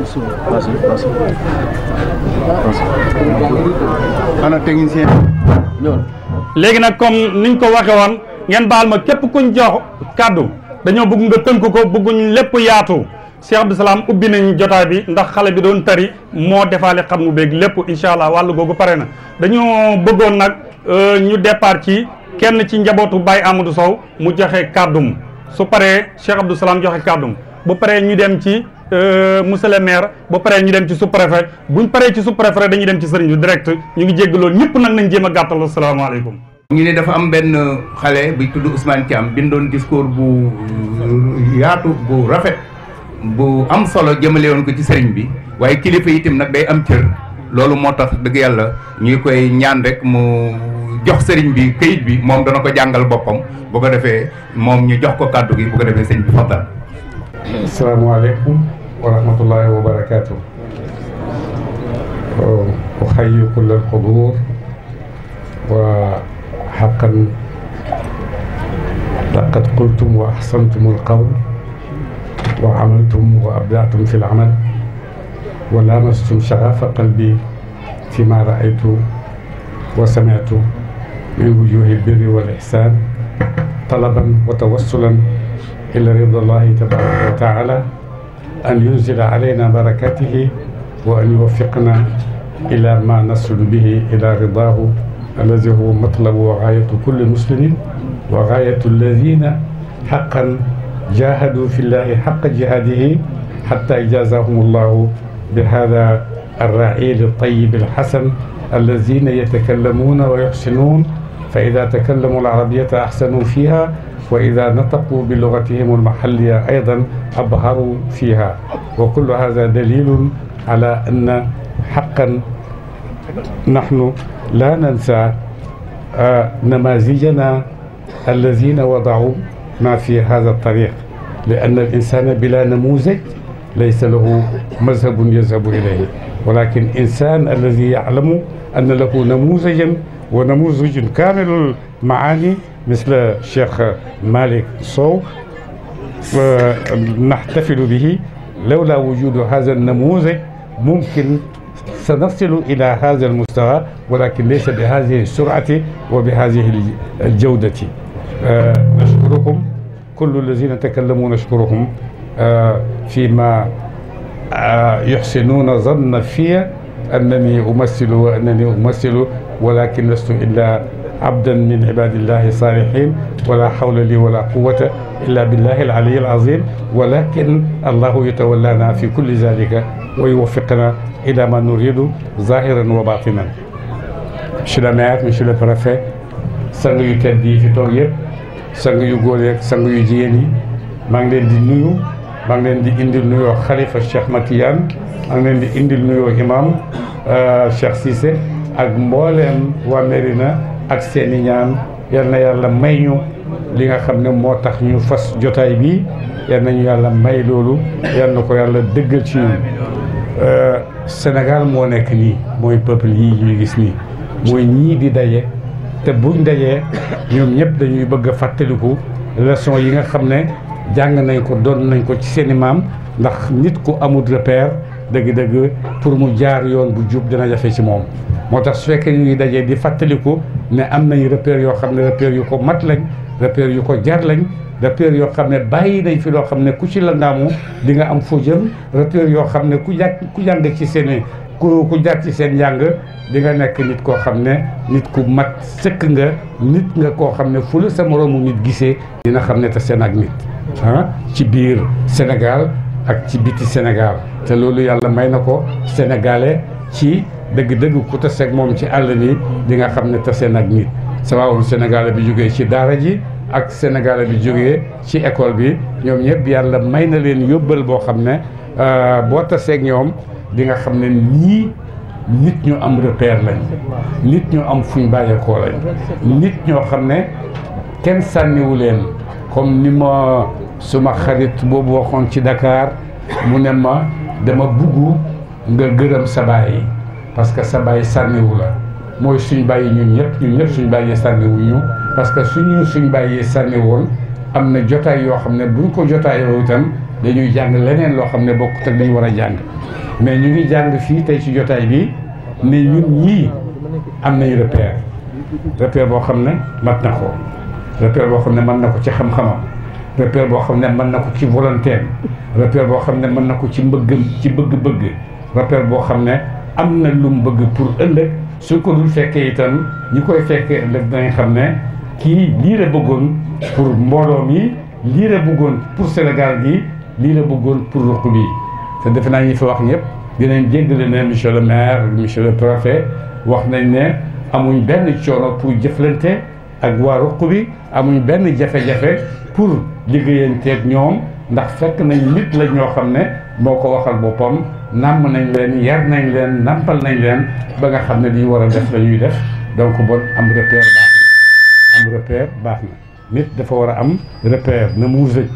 Vas-y, nak comme niñ ko waxé won, ngeen baal ma képp kuñ jox kaddu, dañoo bëgg nga tënk ko, bëgguñ lépp yaatu. cheikh abdousalam ubbi nañ jotaay bi ndax xale bi doon tari mo defaale xam ngu beeg lépp incha allah wàllu googu pare na dañoo bëggoon nag euh, ñu départ ci kenn ci njabootu Baye Amadou Sow mu joxe kàddum su paree cheikh abdousalam joxe kàddum bu paree ñu dem ci Euh, monsieur le maire ba pare ñu dem ci sous-préfet buñ paree ci sous-préfet dañuy dem ci sëriñ bi direct ñu ngi jégg loolu ñëpp nag nañ jéem a gàttal asalaamaaleykum ñu ne dafa am benn xale bi tudd Ousmane Thiam bindoon discours bu yaatu bu rafet bu am solo jëmale woon ko ci sëriñ bi waaye kilifa itam nag day am cër loolu moo tax dëgg yàlla ñuy koy ñaan rek mu jox sëriñ bi kayit bi moom dana ko jàngal boppam bu ko defee moom ñu jox ko kàddu gi bu ko defee sëriñ ورحمة الله وبركاته أحيي كل الحضور وحقا لقد قلتم وأحسنتم القول وعملتم وأبدعتم في العمل ولامستم شغاف قلبي فيما رأيت وسمعت من وجوه البر والإحسان طلبا وتوسلا إلى رضا الله تبارك وتعالى أن ينزل علينا بركاته وأن يوفقنا إلى ما نصل به إلى رضاه الذي هو مطلب وغاية كل مسلم وغاية الذين حقا جاهدوا في الله حق جهاده حتى إجازهم الله بهذا الرعيل الطيب الحسن الذين يتكلمون ويحسنون فإذا تكلموا العربية أحسنوا فيها وإذا نطقوا بلغتهم المحلية أيضا أبهروا فيها وكل هذا دليل على أن حقا نحن لا ننسى آه، نماذجنا الذين وضعوا ما في هذا الطريق لأن الإنسان بلا نموذج ليس له مذهب يذهب إليه ولكن إنسان الذي يعلم أن له نموذجا ونموذج كامل المعاني مثل الشيخ مالك صو نحتفل به لولا وجود هذا النموذج ممكن سنصل إلى هذا المستوى ولكن ليس بهذه السرعة وبهذه الجودة آه، نشكركم كل الذين تكلموا نشكرهم آه، فيما آه، يحسنون ظن في أنني أمثل وأنني أمثل ولكن لست إلا عبدا من عباد الله الصالحين ولا حول لي ولا قوة إلا بالله العلي العظيم ولكن الله يتولانا في كل ذلك ويوفقنا إلى ما نريد ظاهرا وباطنا شلا مات مشلا برافة سنو يتدي في طوير سنو يقوليك سنو يجيني مانغلين دي نيو مانغلين دي اندل نيو خليفة الشيخ مكيان مانغلين دي اندل نيو إمام الشيخ سيسي ak mbooleem wa merina ak seeni ñaan yal na yàlla may ñu li nga xam ñu fas jotaay bi yal nañu yàlla may loolu yal na ko yàlla dëggal ci ñun euh, Sénégal moo nekk nii mooy peuple yi ñuy gis nii mooy ñii di daje te buñ dajee ñoom ñëpp dañuy bëgg a fàttaliku leçon yi nga xam ne jàng nañ ko doon nañ ko ci seeni maam ndax nit ku amul repère pour mu jaar yoon bu dina jafe ci moo tax su fekkee ñu ñuy dajee di fàttaliku ne am nañ repères yoo xam ne repères yu ko mat lañ repères yu ko jar lañ repères yoo xam ne bàyyi nañ fi loo xam ne ku ci landaamu di nga am foo jëm repères yoo xam ne ku jàkk ku jàng ci seen ku ku jaar ci seen njàng di nga nekk nit koo xam ne nit ku mat sëkk nga nit nga koo xam ne fu la sa moroomu nit gisee dina xam ne te seen ak nit ah ci biir Sénégal ak ci biti Sénégal te loolu yàlla may na ko sénégalais dëgg-dëgg ku taseeg moom ci àll bi di nga xam ne tase nag nit sawaawul Sénégal bi jógee ci daara ji ak Sénégal bi jógee ci école bi ñoom ñëpp yàlla may na leen yóbbal boo xam ne euh, boo taseeg ñoom di nga xam ne nii nit ñu am repère lañ nit ñu am fuñ bàyyeekoo lañ nit ñoo xam ne kenn sànniwu leen comme ni ma suma xarit boobu waxoon ci Dakar mu ne ma dama bugg nga gërëm sa baay yi parce que sa bàyyi sànniwu la mooy suñu bàyyi ñun ñëpp ñun ñëpp suñu bàyyee sànniwu ñu parce que suñu suñ bàyyee sànni woon am na jotaay yoo xam ne buñ ko jotaayoo itam dañuy jàng leneen loo xam ne bokkut teg dañu war a jàng mais ñu ngi jàng fii tey ci jotaay bi ne ñun ñii am nañu repère repère boo xam ne mat na ko repère boo xam ne mën na ko ci xam-xamam boo xam ne mën na ko ci volonté repère boo xam ne mën na ko ci mbëgg ci bëgg-bëgg repère boo xam ne am na lum bëgg pour ëllëg su ko dul fekkee itam ñi koy fekkee ëllëg dinañ xam ne kii lii bëggoon pour mbooloo mi lii bëggoon pour Sénégal gi lii bëggoon pour ruq bi te defe naa ñi fi wax ñëpp dinañ jéggale ne monsieur le maire monsieur le préfet wax nañ ne amuñ benn coono pour jëflante ak waa ruq bi amuñ benn jafe-jafe pour liggéeyanteeg ñoom ndax fekk nañ nit la ñoo xam ne moo ko waxal boppam nàmm nañ leen yar nañ leen nàmpal nañ leen ba nga xam ne li war a def la ñuy def donc bon am repère baax na baax na nit dafa war a am repère na mu rëj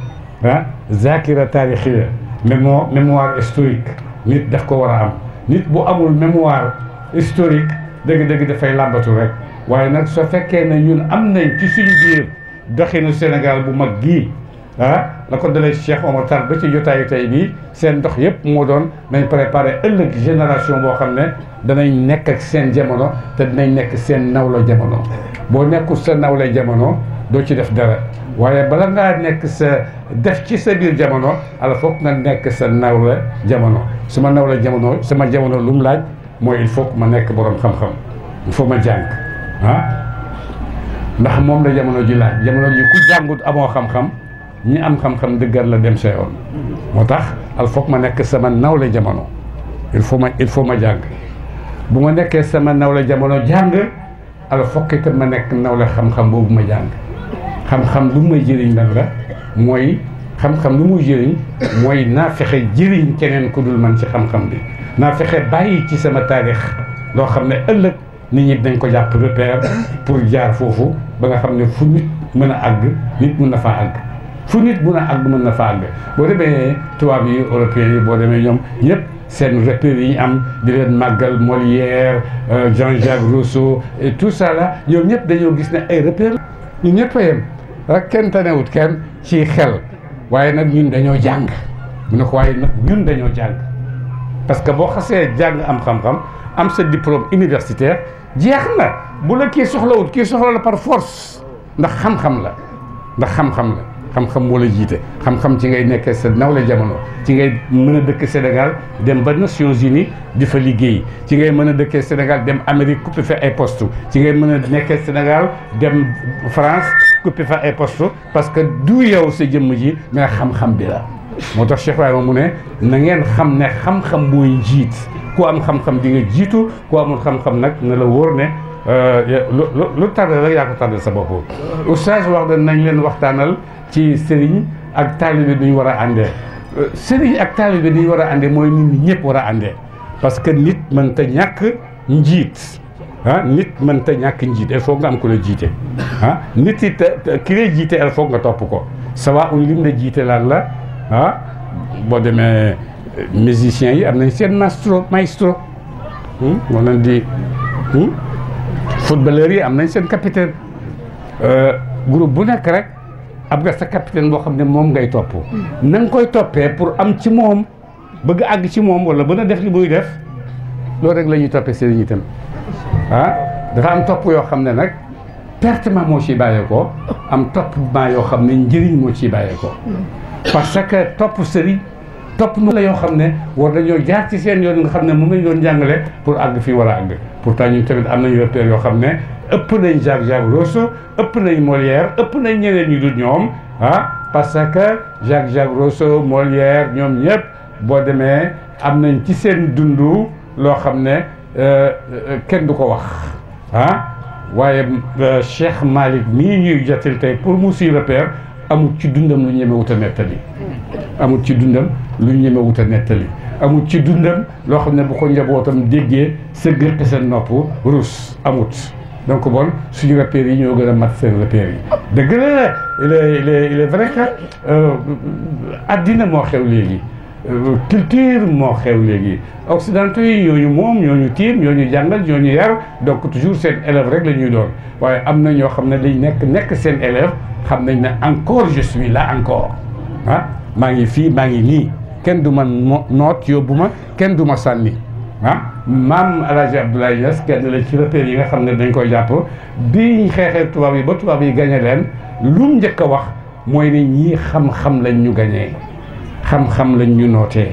ah zakira taarixiya mémo mémoire historique nit daf ko war a am nit bu amul mémoire historique dëgg dégg dafay làmbatu rek waaye nag soo fekkee ne ñun am nañ ci suñu biir doxinu Sénégal bu mag gii ah la ko dalee Cheikh Omar Tar ba ci jotaayu tey bii seen ndox yëpp moo doon nañ préparé ëllëg génération boo xam ne danañ nekk ak seen jamono te dinañ nekk seen nawlo jamono boo nekkul sa nawle jamono doo ci def dara waaye bala ngaa nekk sa def ci sa biir jamono ala foog nga nekk sa nawle jamono suma nawle jamono sama jamono lu mu laaj mooy il faut ma nekk borom xam-xam il faut ma jàng ah ndax moom la jamono ji laaj jamono ji ku jàngut amoo xam-xam ñi am xam-xam dëggal la dem sa yoon moo tax al foog ma nekk sama nawle jamono il faut ma il faut ma jàng bu ma nekkee sama nawle jamono jàng al foog ma nekk nawle xam-xam boobu ma jàng xam-xam lu may jëriñ lan mooy xam-xam lu muy jëriñ mooy naa fexe jëriñ keneen ku dul man ci xam-xam bi naa fexe bàyyi ci sama taarix loo xam ne ëllëg nit ñi dañ ko jàpp repère pour jaar foofu ba nga xam ne fu nit mën a àgg nit mën na faa àgg fu nit mun a àgg mën na fa àgg boo demee tubaab yi européens yi boo demee ñoom ñëpp seen repères yi ñu am di leen màggal Molière euh, Jean-Jacques Rousseau et tout ça là ñoom ñëpp dañoo gis ne ay repères ñu ñëpp yem rek kenn tanewut kenn ci xel waaye nag ñun dañoo jàng mu ne ko waaye nag ñun dañoo jàng parce que boo xasee jàng am xam-xam am sa diplôme universitaire jeex na bu la kii soxlawut kii soxla la par force ndax xam-xam la ndax xam-xam la xam-xam wala jiite xam-xam ci ngay nekkee sa nawle jamono ci ngay mën a dëkk Sénégal dem ba Nations Unies di fa liggéey ci ngay mën a dëkkee Sénégal dem Amérique kuppi fa ay postu ci ngay mën a nekkee Sénégal dem France kuppi fa ay postu parce que du yow sa jëmm ji mais xam-xam bi la moo tax Cheikh Ibrahima mu ne na ngeen xam ne xam-xam mooy jiit ku am xam-xam di nga jiitu ku amul xam-xam nag na la wóor ne euh, lu lu tardé rek yaa ko tardé sa bopp oustaz ci sëriñ ak taalibe bi war a àndee sëriñ ak taalibe bi war a àndee mooy nit ñi ñëpp war a ànde parce que nit mën ta ñàkk njiit ah nit mën te ñàkk njiit il faut nga am ku la jiite ah nit yi ki lay jiite il nga topp ko sawa un lim la jiite lan la ah boo demee euh, musiciens yi am nañ seen maestro maestro hmm, moo leen di hmm, footballeurs yi am nañ seen capitaine euh, group bu nekk rek am nga sa capitaine boo xam ne moom ngay topp na koy toppee pour am ci moom bëgg àgg ci moom wala bën a def li muy def loolu rek la ñuy toppee seen itam ah dafa am topp yoo xam ne nag perte ma moo ciy bàyyeekoo am topp ma yoo xam ne njëriñ moo ciy bàyyeekoo parce que topp sëriñ topp nu la yoo xam ne war dañoo jaar ci seen yoon nga xam ne moom lañ doon jàngale pour àgg fi war a àgg pourtant ñun tamit am nañu repère yoo xam ne ëpp nañ Jacques Jacques Rousseau ëpp nañ Molière ëpp nañ ñeneen ñu du ñoom ah parce que Jacques Jacques Rousseau Molière ñoom ñëpp boo demee am nañ ci seen dundu loo xam ne euh, euh, kenn du ko wax ah waaye euh, Cheikh Malick mii ñuy jotil tey pour mu si repère amul ci dundam lu ñeme wut nettali amul ci dundam lu ñeme nettali amul ci dundam loo xam ne bu ko njabootam déggee sëgg seen nopp ruus amut donc bon suñu repères yi ñoo gën a mat seen repères yi dëgg la il est il est il est vrai que euh adina mo xew léegi euh, culture mo xew léegi occidentaux yi ñooñu moom ñooñu tiim ñooñu jàngal ñooñu yar donc toujours seen élève rek la ñuy doon Waye amna ño ñoo xam ne dañ nekk nekk seen élève xamnañ na encore je suis là encore Hein? maa ngi fii maa ngi nii kenn du man note yobuma, ma kenn du ma sanni. ah maam El Hadj Abdoulaye Niass kenn ci repères yi nga xam ne dañ koy jàpp bi xeexee tubaab yi ba tubaab yi gañe leen lum njëkk a wax mooy ni ñii xam-xam lañ ñu gañee xam-xam lañ ñu nootee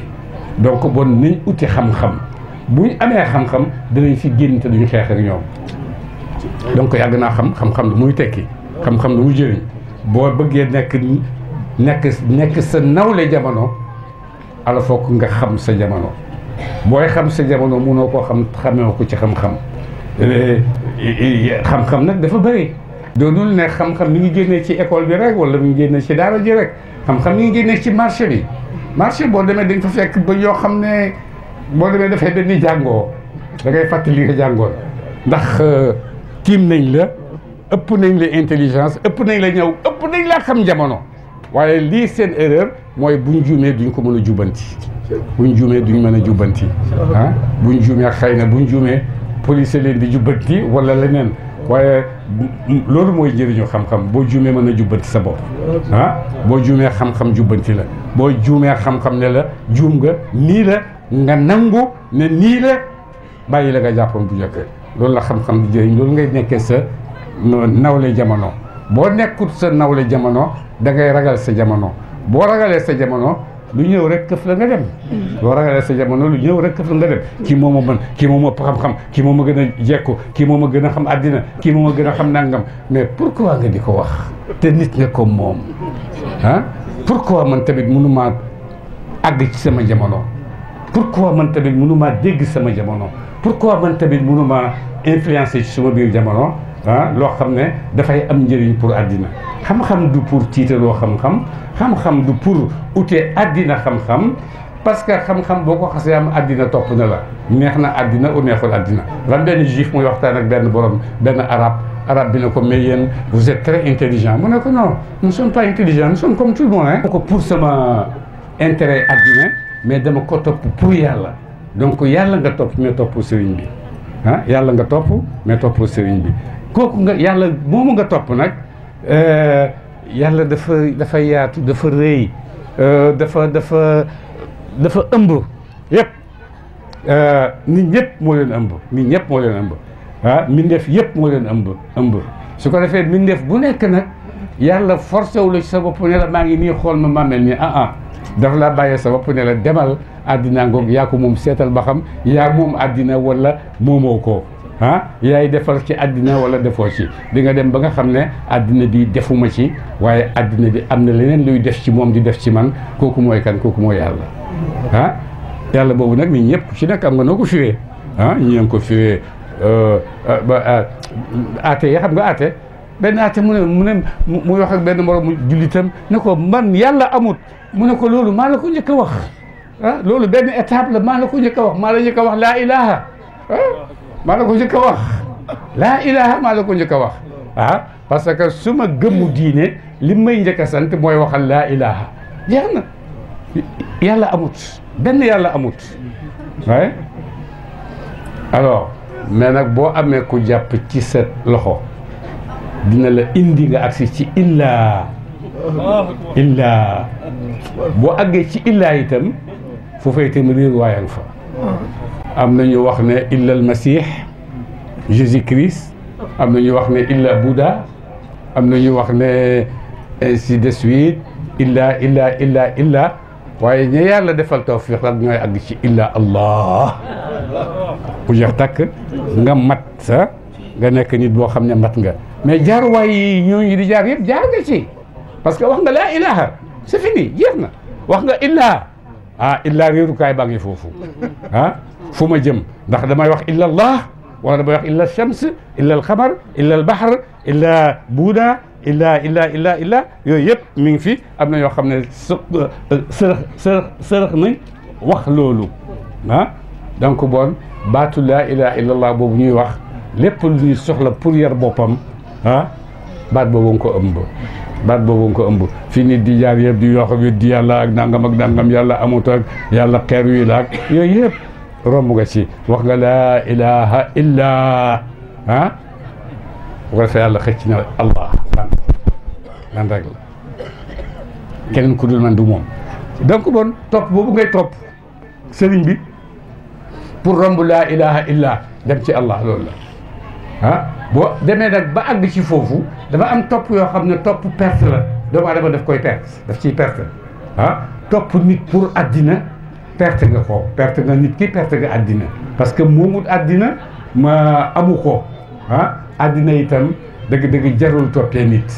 donc bon nañ uti xam-xam buñ amee xam-xam dinañ fi génn te duñ xeex ñoom. donc yàgg naa xam xam-xam lu muy tekki xam-xam lu muy jëriñ boo bëggee nekk nekk nekk sa nawle jamono ala foog nga xam sa jamono. booy xam sa jamono munoo koo xam xamee ko ci xam-xam eh, eh, eh, xam-xam nag dafa bëri doonul ne xam-xam mi ngi génnee ci école bi rek wala mi ngi génnee ci daara ji rek xam-xam mi ngi génnee ci marché bi marché boo demee dañ fa fekk ba yoo xam ne boo demee dafay benn jàngoo da ngay fàttali li nga jàngoon ndax euh, tiim nañ la ëpp nañ la intelligence ëpp nañ la ñëw ëpp nañ laa xam jamono waaye lii seen erreur mooy bu ñu juumee duñ ko mën a jubanti bu ñu juumee duñ mën a jubanti ah bu ñu juumee xëy na bu ñu juumee police leen di jubanti wala leneen waaye loolu mooy njëriñu xam-xam boo juumee mën a jubbanti sa bopp ah boo juumee xam-xam jubbanti la boo juumee xam-xam ne la juum nga nii la nga nangu ne nii la bàyyi la nga jàppoon bu njëkk loolu la xam-xam di jëriñ loolu ngay nekkee sa nawle jamono boo nekkut sa nawle jamono da ngay ragal sa jamono boo ragalee sa jamono lu ñëw rek këf la nga dem loo ragalee sa jamono lu ñëw rek këf la nga dem kii moom a man kii moom a xam-xam kii moom a gën a jekku kii moom a gën a xam àddina kii moom a gën a xam nangam mais pourquoi nga di ko wax te nit nga moom ah pourquoi man tamit mënumaa àgg ci sama jamono pourquoi man tamit mënumaa dégg sama jamono pourquoi man tamit mënumaa influencé ci suma biir jamono ah loo xam ne dafay am njëriñ pour àddina xam-xam du pour tiitaloo xam-xam xam-xam du pour utee àddina xam-xam parce que xam-xam boo ko xasee am àddina topp na la neex na addina àddina u neexul àddina ram benn juif muy waxtaan ak benn borom benn arabe arabe bi ne ko mais yéen vous êtes très mu ne ko non nous ne sommes pas intelligents nous sommes comme tout le monde hein ko pour sama intérêt àddina mais dama ko topp pour yàlla donc yàlla nga topp mais topp sëriñ bi ah yàlla nga topp mais topp sëriñ bi kooku nga yàlla moomu nga topp nag euh, yàlla dafa dafa yaatu dafa rëy euh, dafa dafa dafa ëmb yëpp euh, nit ñëpp moo leen ëmb nit ñëpp moo leen ëmb ah mbindeef yëpp moo leen ëmb ëmb su ko defee mbindeef bu nekk nag yàlla forcé wu la ci sa bopp ne maa ngi nii xool ma mamel nii ah ah dafa laa bàyyee sa bopp ne la demal àddina ngoog yaa ko moom seetal ba xam yaa moom àddina wala moomoo ko ah yaay defar ci àddina wala defoo ci di nga dem ba nga xam ne àddina bi defuma ci waaye àddina bi am na leneen luy def ci moom di def ci man kooku mooy kan kooku mooy yàlla yàlla boobu nag nit ñëpp ci nekk am nga noo ko fiwee ah ñi ko fiwee euh, euh, ba euh, aate ya xam nga aate benn aate mu ne mu ne mu wax ak benn moroom mu jullitam ne ko man yàlla amut mu ne ko loolu maa la ko njëkk wax ah loolu benn étape la maa la ko njëkk wax maa la njëkk a wax laa ilaha maa la ko njëkk a wax laa ilaha maa la ko njëkk a wax ah parce que su ma gëmu diine li may njëkk a sant mooy waxal laa ilaha jeex na yàlla amut benn yàlla amut waaye alors mais nag boo amee ku jàpp ci sa loxo dina la indi nga agsi ci illaa illaa boo àggee ci illaa itam fu fay itam réer waayang fa am na ñu wax ne illa al masih jésus christ am na ñu wax ne illa bouddha am na ñu wax ne ainsi de suite illa illa illa illa waaye ña yàlla defal tawfiq nag ñooy àgg ci illa allah bu jeex takk nga mat sa nga nekk nit boo xam ne mat nga mais jaaruwaay yi ñooñu di jaar yëpp jaar nga ci parce que wax nga laa ilaha c'est fini jeex na wax nga illa ah illa réerukaay baa ngi foofu ah فما جم ده ما يوح إلا الله ولا ما يوح إلا الشمس إلا الخمر إلا البحر إلا بودا إلا إلا إلا إلا يب من في أبنا يوح من سرخ سرخ سرخ من وخلولو ها دانكو بون باتو لا إلا إلا الله بوبني يوح لب لي سخلا بولير بوبم ها بات بوبون كو أمبو بات بوبون كو أمبو في نيت دي جار يب دي يوح ويد دي الله نعم مك نعم يالله أموتك يالله كيرو يب romb nga ci wax nga laa ilaha illa ah bu ko defee yàlla xëcc na allah man man rek la keneen ku dul man du moom donc bon topp boobu ngay topp sëriñ bi pour romb laa ilaha illa dem ci allah loolu la ah boo demee nag ba àgg ci foofu dafa am topp yoo xam ne topp perte la doomu aadama daf koy perte daf ciy perte ah topp nit pour addina perte nga ko perte nga nit ki perte nga àddina parce que moomul àddina ma amu ko ah àddina itam dëgg-dëgg jarul toppee nit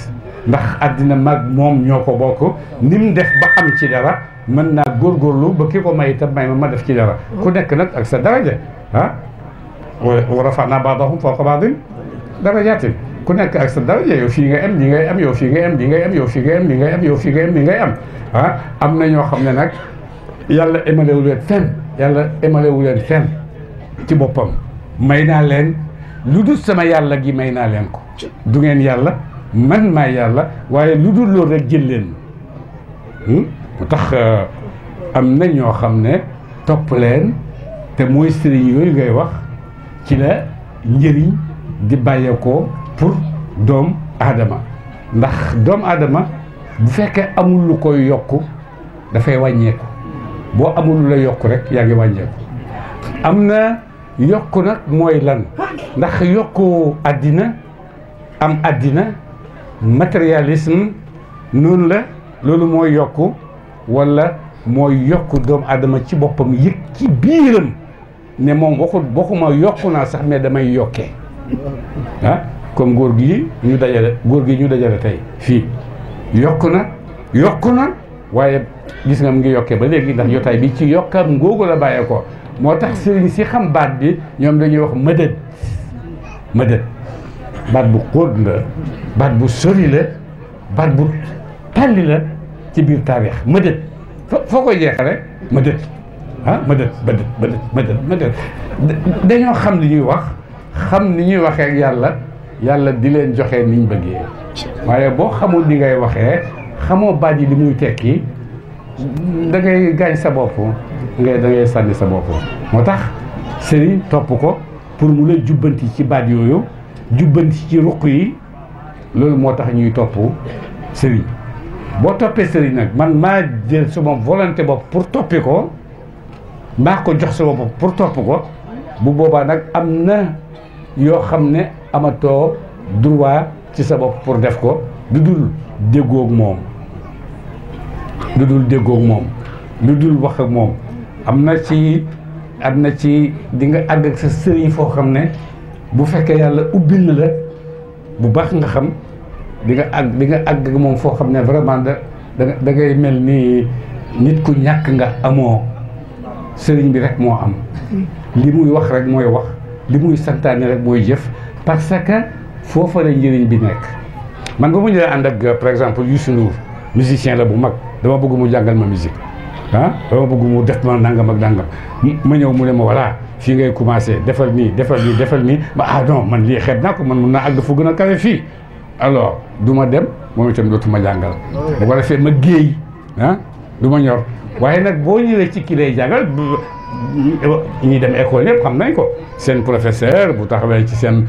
ndax àddina mag moom ñoo ko bokk ni mu def ba am ci dara mën naa góorgóorlu ba ki ko may itam may ma ma def ci dara ku nekk nag ak sa daraja ah wa rafa'naa ba'dahum fawqa ba'din darajaatin ku nekk ak sa daraja yow fii nga am li ngay am yow fii nga am li ngay am yow fii nga am li ngay am yow fii nga am li ngay am ah am na ñoo xam ne nag yàlla émalewu leen yàlla émalewu leen fenn ci boppam may naa leen lu dul sama yàlla gi may naa leen ko du ngeen yàlla man maay yàlla waaye lu dul loolu rek jël leen mu hmm? tax euh, am na ñoo xam ne topp leen te mooy sëriñ yooyu ngay wax ci la njëriñ di bàyyeekoo pour doom aadama ndax doom aadama bu fekkee amul lu koy yokk dafay wàññeeku boo amul lu la yokk rek yaa ngi wàññeeku am na yokk nag mooy lan ndax yokku àddina am àddina matérialisme noonu la loolu mooy yokku walla mooy yokku doomu aadama ci boppam yëg ci biiram ne moom waxul bokkuma yokku naa sax mais damay yokke ah comme góor gi ñu dajale góor gi ñu dajale tey fii yokku na yokku na waaye gis nga mu ngi yokkee ba léegi ndax yotaay bi ci yokkam ngoogu la bàyyee ko moo tax sëriñ si xam baat bi ñoom dañuy wax mëdët mëdët baat bu xóot la baat bu sori la baat bu tàlli la ci biir taarix mëdët foo koy jeexee rek mëdët ah mëdët mëdët mëdët mëdët dañoo xam li ñuy wax xam ni ñuy waxee ak yàlla yàlla di leen joxe niñ bëggee waaye boo xamul ni ngay waxee xamoo baat yi li muy tekki dangay ngay gaañ sa bopp ngay da ngay sànni sa bopp moo tax sëriñ topp ko pour mu la jubbanti ci baat yooyu jubbanti ci ruq yi loolu moo tax ñuy topp sëriñ boo toppee sëriñ nag man maa jël sama volonté bopp pour toppi ko maa ko jox sama bopp pour topp ko bu boobaa nag am na yoo xam ne amatoo droit ci sa bopp pour def ko du dul déggoog moom lu dul déggoo moom lu dul wax ak moom am na ci am na ci dinga nga àgg sa sëriñ foo xam ne bu fekkee yàlla ubbil na la bu baax nga xam di nga àgg di nga àgg ak moom foo xam ne vraiment da da ngay mel ni nit ku ñàkk nga amoo sëriñ bi rek moo am li muy wax rek mooy wax li muy santaane rek mooy jëf parce que foofu la njëriñ bi nekk man ba mu ñëwee ànd ak par exemple Youssou Ndour musicien la bu mag dama bëgg mu jàngal ma musique ah dama bëgg mu def ma nangam ak nangam ma ñëw mu ne ma voilà fii ngay commencé defal nii defal nii defal nii ma ah man lii xeet naa ko man mun naa àgg fu gën a kawe fii alors du ma dem moom itam dootuma jàngal bu ko defee ma géey ah du ma ñor waaye nag boo ñëwee ci kii lay jàngal ñuy dem école yëpp xam nañ ko seen professeur bu taxawee ci seen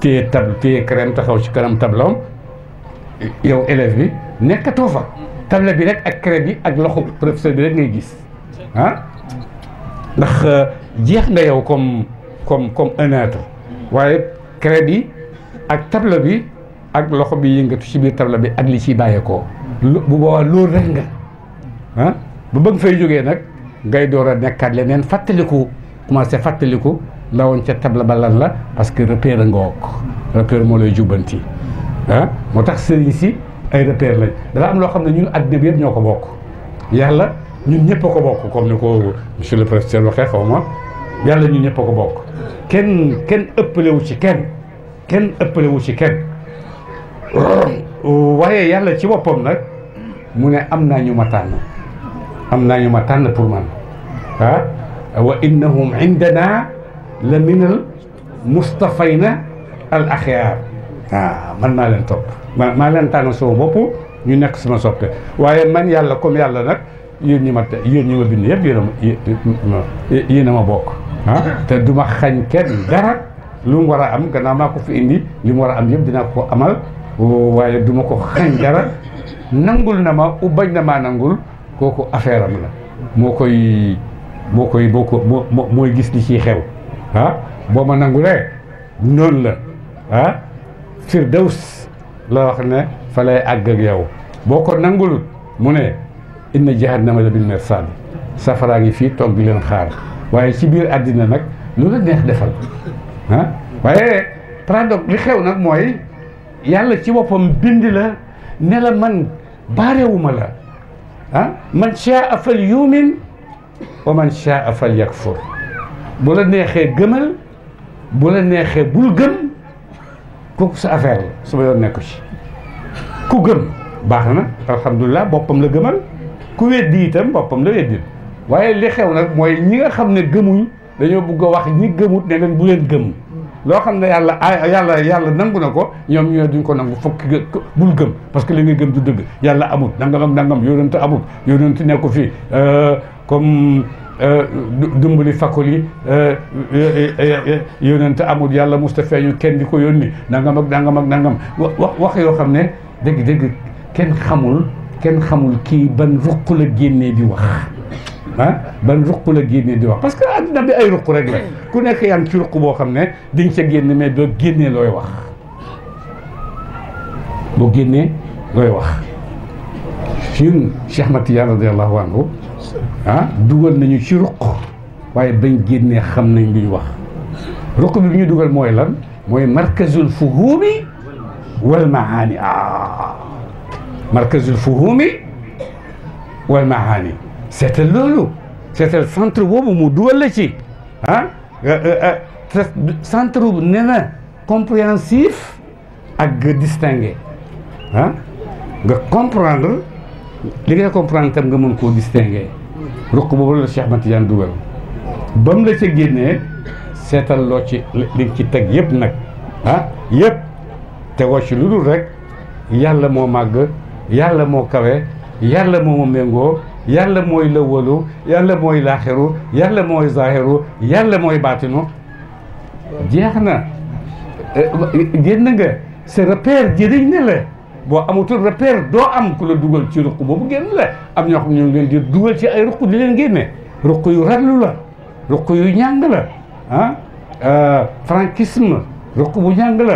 téye table téye crème taxaw ci kanam tableau yow élève bi nekkatoo fa table bi rek ak craie bi ak loxo professeur bi rek ngay gis ah? ndax euh, jeex nga yow comme comme comme un être waaye craie bi ak table bi ak loxo bi yëngatu ci biir table bi ak li ciy bàyyeekoo. bu boobaa loolu rek nga ah bu bëgg fay jógee nag ngay door a nekkaat leneen fàttaliku commencé fàttaliku la woon ca table ba lan la parce que repère ngoog repère moo lay jubbanti. motax serigne ci ay repère lañ dafa am lo xamne ñun addina bi yeb ñoko bok yàlla ñun ñëpp ko bok comme ni ko monsieur le professeur waxe xawma yàlla ñun ñëpp ko bok ken ken ëppelé wu ci ken ken ëppelé wu ci ken waye yàlla ci bopom nak mu ne am naa ñu ma tan am naa ñu ma tan pour man ha wa innahum indana la minal mustafayna al akhyar ah man naa leen topp ma maa leen tànn sama bopp ñu nekk sama soppe waaye man yàlla comme yàlla nag yéen ñi ma yéen ñi ma bind yëpp yéen a ma bokk ah, te du ma xañ kenn dara lu mu war a am gannaaw maa ko fi indi li mu war a am yëpp dinaa ko amal waaye duma ko xañ dara nangul na ma u na maa nangul kooku affaire am la moo koy moo koy moo ko moo mooy gis li ciy xew ah boo ma nangulee noonu la ah, firdaws la wax ne fa lay àgg ak yow boo ko nangul mu ne inna jahannama la bil mirsaad safaraa ngi fii toog di leen xaar waaye ci biir àddina nag lu la neex defal ah waaye paradoxe li xew nag mooy yàlla ci boppam bind la ne la man baarewuma la ah man shaa fal yuumin wa man shaa fal yakfur bu la neexee gëmal bu la neexee bul gëm kooku sa affaire la su ma yoon nekku ci ku gëm baax na alhamdulilah boppam la gëmal ku weddi itam boppam la weddil waaye li xew nag mooy ñi nga xam ne gëmuñ dañoo bugg a wax ñi gëmut ne leen bu leen gëm loo xam ne yàlla ay yàlla yàlla nangu na ko ñoom ñoo duñ ko nangu fokk bul gëm parce que li nga gëm du dëgg yàlla amut nangam ak nangam yonent amut yonent nekku fii euh, comme dumbali fakoli yonent amul yàlla mustafa ñu kenn diko yoni nangam ak nangam ak nangam wax yo xamne deug deug kenn xamul kenn xamul ki ban ruq la genné di wax ha ban ruq la genné di wax parce que àdduna bi ay ruq rek la ku nekk yaa ci ruq bo xamne diñ ca genné mais do genné loy wax bo genné loy wax. fii Cheikh Ahmad Tidiane radiyallahu anhu ah dugal nañu ci ruq waaye bañ génnee xam nañ li ñu wax ruq bi bi ñu dugal mooy lan mooy markazul fuhumi wal maani ah markazul fuhumi wal maani seetal loolu seetal centre boobu mu dugal la ci ah centre bu nee na compréhensif ak nga distingué ah nga comprendre li nga comprendre tam nga mën koo distingué ruq boobu la Cheikh Ahmad Tidiane dugal ba mu la ca génnee seetal loo ci li ci teg yëpp nag ah yëpp tegoo ci lu dul rek yàlla moo màgg yàlla moo kawe yàlla moo méngoo yàlla mooy lëwalu yàlla mooy laaxiru yàlla mooy zaahiru yàlla mooy baatinu jeex na eh, génn nga sa repère jëriñ ne la boo amatul repère doo am ku la dugal ci ruq boobu génn la am ñoo xam ne ñoo leen di dugal ci ay ruq di leen génne ruq yu raglu la ruq yu ñàng la ah euh, franquisme ruq bu ñàng la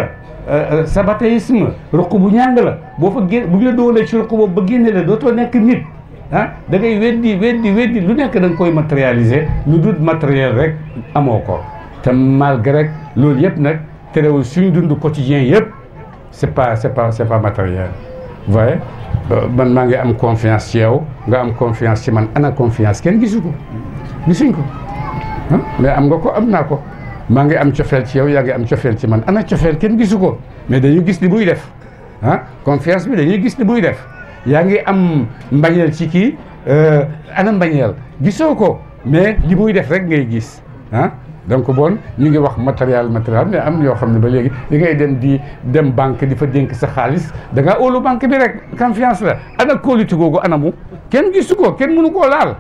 euh, euh, sabatéisme ruq bu ñàng la boo fa génn bu ñu la dugalee ci ruq boobu ba génne la dootoo nekk nit ah da ngay weddi weddi weddi lu nekk da nga koy matérialiser lu dul matériel rek amoo ko te malgré loolu yëpp nag terewul suñu dund quotidien yëpp c'est pas c'est pas c'est pas matériel vous voyez man maa ngi am confiance ci yow nga am confiance ci man ana confiance kenn gisu ko gisuñ ko mais am nga ko am naa ko maa ngi am cofeel ci yow yaa ngi am cofeel ci man ana cofeel kenn gisu ko mais dañuy gis li muy def ah confiance bi dañuy gis li muy def yaa ngi am mbañeel ci kii euh, ana mbañeel gisoo ko mais li muy def rek ngay gis donc bon ñu ngi wax matériel matériel mais am na yoo xam ne ba léegi li ngay dem di dem banque di fa dénk sa xaalis da ngaa óolu banque bi rek confiance la ana kóolute googu mu kenn gisu ko kenn mënu koo laal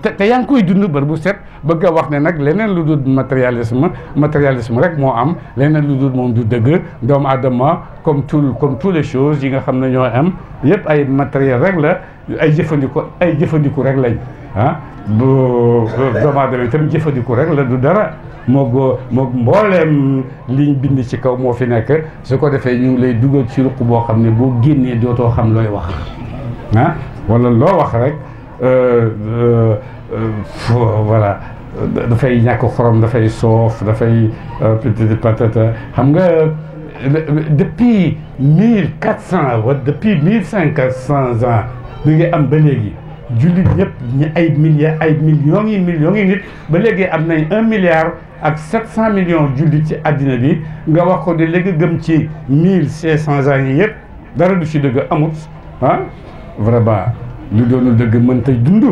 te yaa ngi koy dund bër bu set bëgg a wax ne nag leneen lu dul matérialisme matérialisme rek moo am leneen lu dul moom du dëgg doomu aadama comme tout comme toutes les choses yi nga xam ne ñoo am yëpp ay matériel rek la ay jëfandiku ay jëfandiku rek lañ ah bu doomu aadama tam jëfandiku rek la du dara moo moog moog mbooleem liñ bind ci kaw moo fi nekk su ko defee ñu lay dugal ci ruq boo xam ne boo génnee dootoo xam looy wax ah wala loo wax rek euh, euh, euh, voilà dafay ñàkk xorom dafay soof dafay patata xam nga depuis mille quatre cent wala depuis mille cinq cent ans mi ngi am ba léegi jullit yëpp ñu ay milliards ay millions yi millions yi nit ba léegi am nañ un milliard ak sept cent millions jullit ci àddina bi nga wax ko de léegi gëm ci mille cinq cent ans yi yëpp dara du ci dëgg amut ah vraiment lu doonu dëgg mënta dund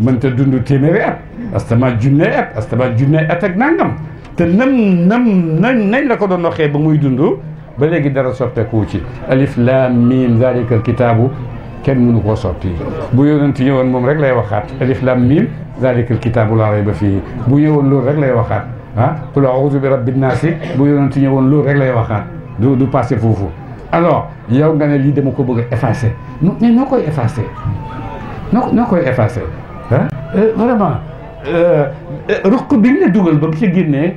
mënta dund téeméeri at astama junne at astama junne at ak nangam te nam nam nañ nañ la ko doon waxee ba muy dund ba léegi dara soppeeku ci alif lam mim zalika alkitaabu kenn mënu koo soppi bu yonent ñëwoon moom rek lay waxaat alif lam mil zalikal kitaabu laa rayba fii bu ñëwoon loolu rek lay waxaat ah qul a'uudu bi rabbin naas bu yonent ñëwoon loolu rek lay waxaat du du passé foofu alors yow nga ne lii dama ko bëgg a effacé mais noo koy effacé noo noo koy effacé ah euh, vraiment euh, ruq bi nga dugal ba bu ci génnee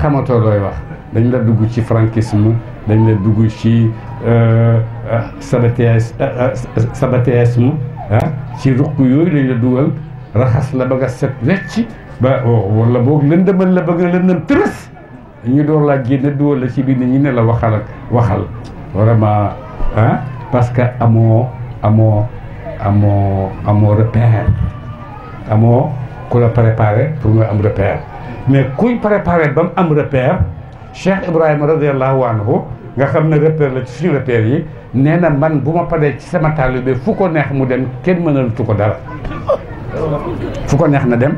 xamatoo looy wax dañ la dugg ci franquisme dañ la dugg ci euh sabatees ah, sabatees ah, ah, mu ci ruq yooyu lañ la raxas la ba nga set wecc ba oh, wala boog lëndëmal la ba nga lëndëm tërës ñu door laa génn dugal la ci biir ni ñi ne la waxal ak waxal vraiment ah parce que amoo amoo amoo amoo repère amoo ku la préparé pour nga am repère mais kuy préparé ba mu am repère Cheikh Ibrahima radiallahu anhu nga xam ne repère la ci suñu repère yi nee man bu ci sama talibé fu neex mu dem kenn ko dara fu neex na dem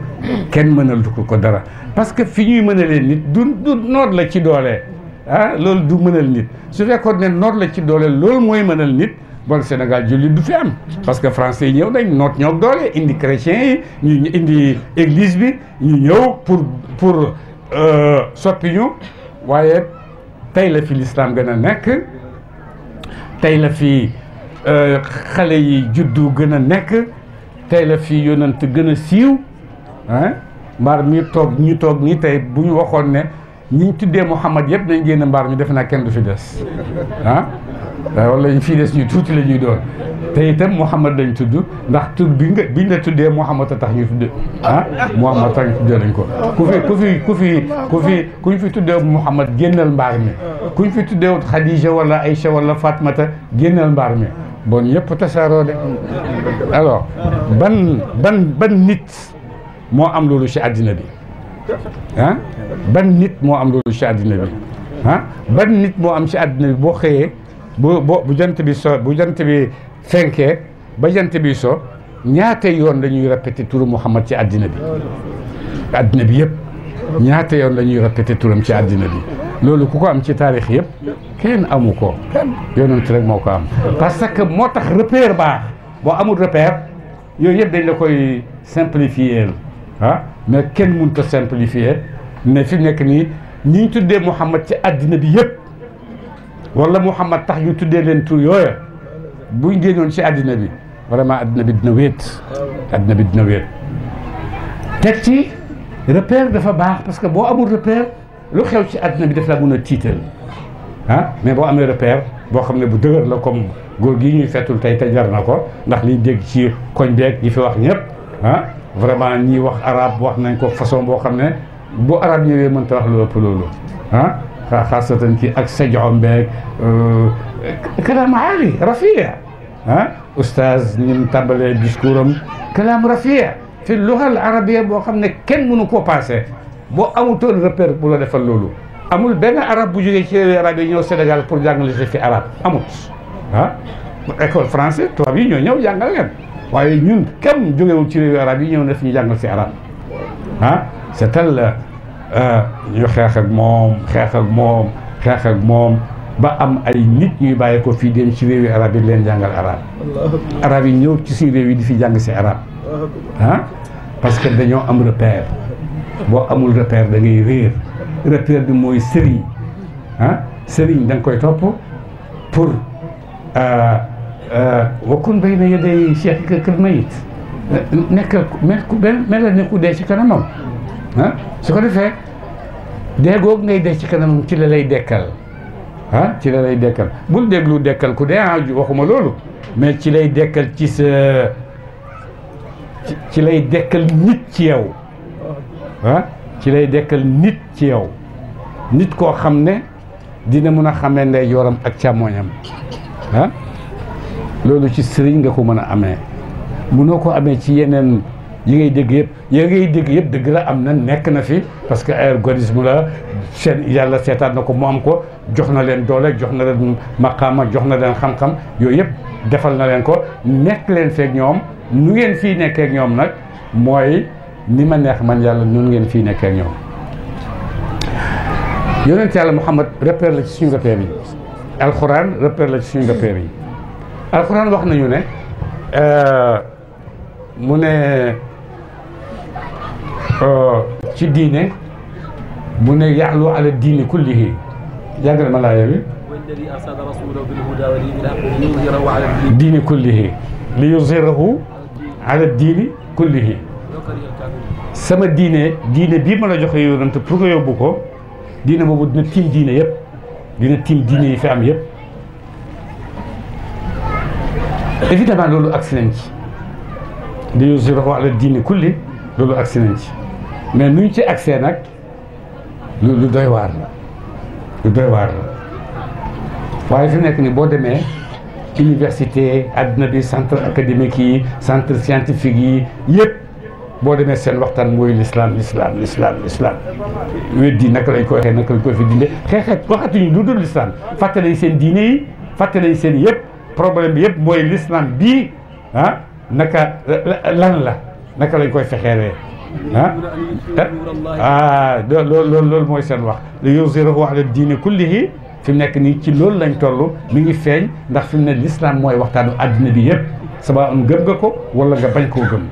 kenn ko dara parce que fi ñuy mënalee nit du du la ci ah loolu du mënal nit su fekkoon ne la ci doole loolu nit Sénégal du fi parce que français ils sont nañ noot indi chrétiens indi église bi ñu pour pour euh, soppi ñu waaye tey la fi l'islam tey la fi euh, xale yi juddu gën a nekk tey la fi yonent gën a siiw ah mbaar mi toog ñu toog nii tey bu ñu waxoon ne ñi ñu tuddee Muhammad yëpp nañ génn mbaar mi def naa kenn du fi des والله في ناس يتوت لي يدور تيتم محمد دين تدو نحتو بين بين تدي محمد تحيف د ها محمد تحيف د نكو كوفي كوفي كوفي كوفي كوين في تدي محمد جنال بارمي كوين في تدي خديجة ولا عائشة ولا فاطمة جنال بارمي بون يب تسارو د الو بن بن بن نت مو ام لولو شي ادنا بي ها بن نت مو ام لولو شي ادنا بي ها بن نت مو ام شي ادنا بي بو خيه bu bo bu jant bi so bu jant bi fenkee ba jant bi so ñaata yoon la ñuy répété turu Muhammad ci àddina bi àddina bi yëpp ñaata yoon la ñuy répété turam ci àddina bi loolu ku ko am ci taarix yëpp kenn amu ko yonent rek moo ko am parce que moo tax repère baax moo amul repère yooyu yëpp dañ la koy simplifier ah mais kenn mënut a simplifier ne fi nekk nii ñi ñu tuddee Muhammad ci àddina bi yëpp ولا محمد تاخ يو تودي لين تور يويا بوين غينون سي ادنا بي فراما ادنا بي دنا ويت ادنا بي دنا ويت تاتي ريبير دا فا باخ باسكو بو امول ريبير لو خيو سي ادنا بي دا فلا مونا تيتل ها مي بو امي ريبير بو خامني بو دغور لا كوم غور غي ني فاتول تاي تاجار نكو ناخ لي ديغ سي كوين بيك ني في واخ نيب ها فريمان ني واخ عرب واخ نانكو فاصون بو خامني بو عرب ني مانتا واخ لو بلولو ها خاصة في أكسجعهم بك كلام عالي رفيع ها أستاذ من تبلع ديسكورم كلام رفيع في اللغة العربية بو خمنا كن منو كو باسي بو أموتون ربير بولا دفل لولو amul benn arab bu jógee ci arab yi ñëw Sénégal pour jàngale si fi arab amut ah école français tubaab yi ñoo ñëw jàngal leen waaye ñun kenn jógewul ci réew arab yi ñëw na fi ñu jàngal si arab ah c'est tel Ah, ñu xeex ak moom xeex ak moom xeex ak moom ba am ay nit ñuy bàyyeekoo fii dem ci réewi arab yi leen jàngal arab arab yi ñëw ci suñu réew yi di fi jàng si arab ah parce que dañoo am repère boo amul repère da ngay réer repère bi mooy sëriñ ah sëriñ da koy topp pour ah, ah, wakkun bay na yeday cheikh ka kër mayit nekk mel ku benn mel ne ku dee ci kanamam ah su ko defee dee googu ngay dee ci kanamam ci la lay dekkal ah ci la lay dekkal bul déglu dekkal ku dee ah waxuma loolu mais ci lay dekkal ci sa ci lay dekkal nit ci yow ah ci lay dekkal nit ci yow nit koo xam ne dina mën a xame ndey yoram ak càmmoñam loolu ci sëriñ nga ko mën a amee mënoo ko amee ci yeneen yi ngay dégg yëpp yi ngay dégg yëpp dëgg la am na nekk na fi parce que ergonisme la seen yàlla seetaat na ko mu am ko jox na leen doole jox na leen maqaama jox na leen xam-xam yooyu yëpp defal na leen ko nekk leen feeg ñoom nu ngeen fii nekkeek ñoom nag mooy ni ma neex man yàlla nun ngeen fii nekkeek ñoom yonent yàlla Muhammad repère la ci suñu repère yi alxuraan repère la ci suñu repère yi alxuraan wax nañu ne mu ne ci diine mu ne yaxlu ala diini kullihi jàngal ma laaya bi diini kullihi li yuzhirahu ala diini kullihi sama diine diine bii ma la joxe yonent pour nga yóbbu ko diine boobu dina tiim diine yëpp dina tiim diine yi fi am yëpp évidemment loolu agsi nañ ci li yuzhirahu ala diini kulli loolu agsi nañ ci mais nuñ ci accès nag lu lu doy waar la lu doy waar la waaye fi nekk ni boo demee université àddina bi centre académique yi centre scientifique yi yëpp boo demee seen waxtaan mooy l'islam l'islam l'islam l'islam weddi naka lañ koy waxee naka lañ koy fi dinde xeexet waxatuñu lu dul l'islam fàtte nañ seen diine yi fàtte nañ seen yëpp problème bi yëpp mooy l'islam bii ah naka lan la naka lañ koy fexeeree ah ah loolu loolu loolu mooy seen wax li yuzhirahu ala diini kullihi fi mu nekk nii ci loolu lañ toll mi ngi feeñ ndax fi mu ne l'islam mooy waxtaanu addina bi yëpp sabaa am gëm nga ko wala nga bañ koo gëm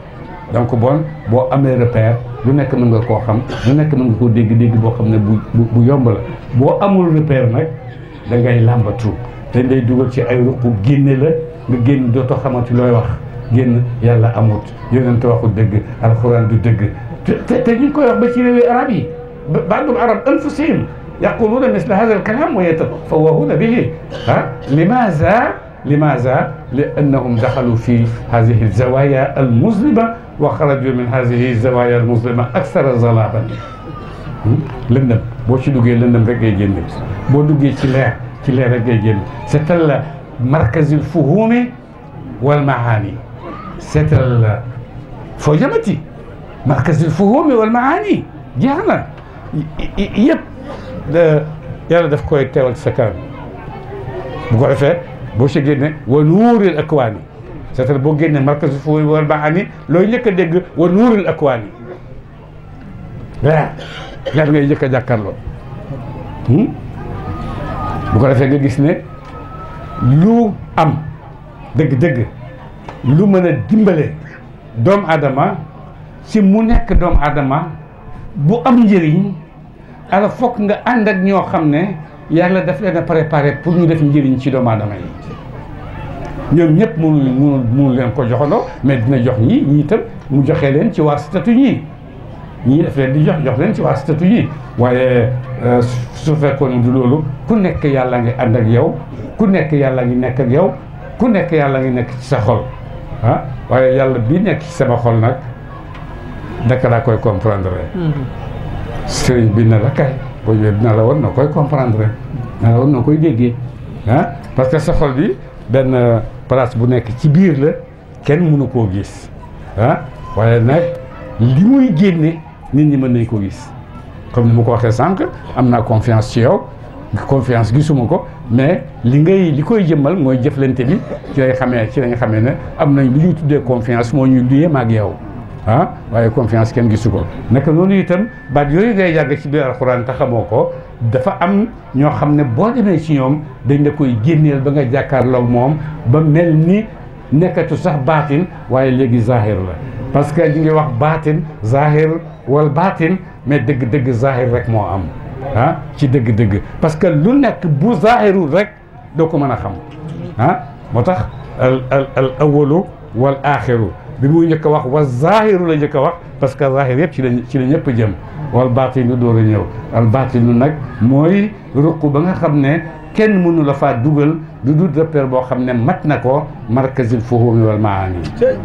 donc bon boo amee repère lu nekk mën nga koo xam lu nekk mën nga koo dégg-dégg boo xam ne bu bu yomb la boo amul repère nag da ngay làmbatu dañ lay dugal ci ay ruq génne la nga génn dootoo xamante looy wax ген يلا أموت يننتو أخد دق القرآن دو دق تتجين كوي بشيري عربي بعض العرب أنفسهم يقولون مثل هذا الكلام ويتفوهون به ها لماذا لماذا لأنهم دخلوا في هذه الزوايا المظلمة وخرجوا من هذه الزوايا المظلمة أكثر ظلاما لندم بوش دوغي لندم رجاي جن بو دوغي سي لير سي لير مركز الفهوم والمعاني c'est foo jëmati markazul fuhumi wal maani jeex na yëpp euh, yàlla daf koy teewal sa kanam bu ko defee boo si génne wa nuuril akwaani c'est-à-dire boo génne markazul fuhumi wal maani looy njëkk a dégg wa nuuril akwaani leer ngay njëkk a jàkkaarloo hmm? bu ko defee nga gis ne lu am dëgg-dëgg lu mën a dimbale doomu aadama ci mu nekk doomu aadama bu am njëriñ ala fokk nga ànd ak ñoo xam ne yàlla daf leen a préparé pour ñu def njëriñ ci doomu aadama yi ñoom ñëpp mënul mënul mënul leen ko joxandoo mais dina jox ñii ñii itam mu joxee leen ci waa statut ñii ñii daf leen di jox jox leen ci waa statut ñii waaye euh, su fekkoon du loolu ku nekk yàlla ngi ànd ak yow ku nekk yàlla ngi nekk ak yow ku nekk yàlla ngi nekk ci sa xol ah waaye yàlla bi nekk ci sama xol nag naka laa koy comprendre sëriñ bi na la kay boo ñëwee dina la woon na koy comprendre na la woon na koy déggee ah parce que sa xol bi benn place bu nekk ci biir la kenn mënu koo gis ah waaye nag li muy génne nit ñi mën nañ ko gis comme ni ma ko waxee sànq am naa confiance ci yow confiance gisuma ko mais li ngay li koy jëmmal mooy jëflante bi ci lay xame ci la nga xamee ne am nañ lu ñu tuddee confiance moo ñuy luyee maag yow ah waaye confiance kenn gisu ko naka noonu itam baat yooyu ngay yàgg ci biir alxuraan te xamoo ko dafa am ñoo xam ne boo demee ci ñoom dañ la koy génneel ba nga jàkkaarloog moom ba mel ni nekkatu sax baatin waaye léegi zahir la parce que ñu ngi wax baatin zahir wal baatin mais dëgg-dëgg zahir rek moo am ah ci dégg dëgg parce que lu nekk bu zaahirul rek doo ko mën a xam ah moo tax al al al awalu wal axiru bi mu jëkk wax wa zaahiru la njëkk wax parce que zaahir yëpp ci la ci la ñëpp jëm wal baatinu door a ñëw al baatinu nag mooy ruq ba nga xam ne kenn mënu la faa dugal du dul repère boo xam ne mat na ko markazil fuhumi wal maani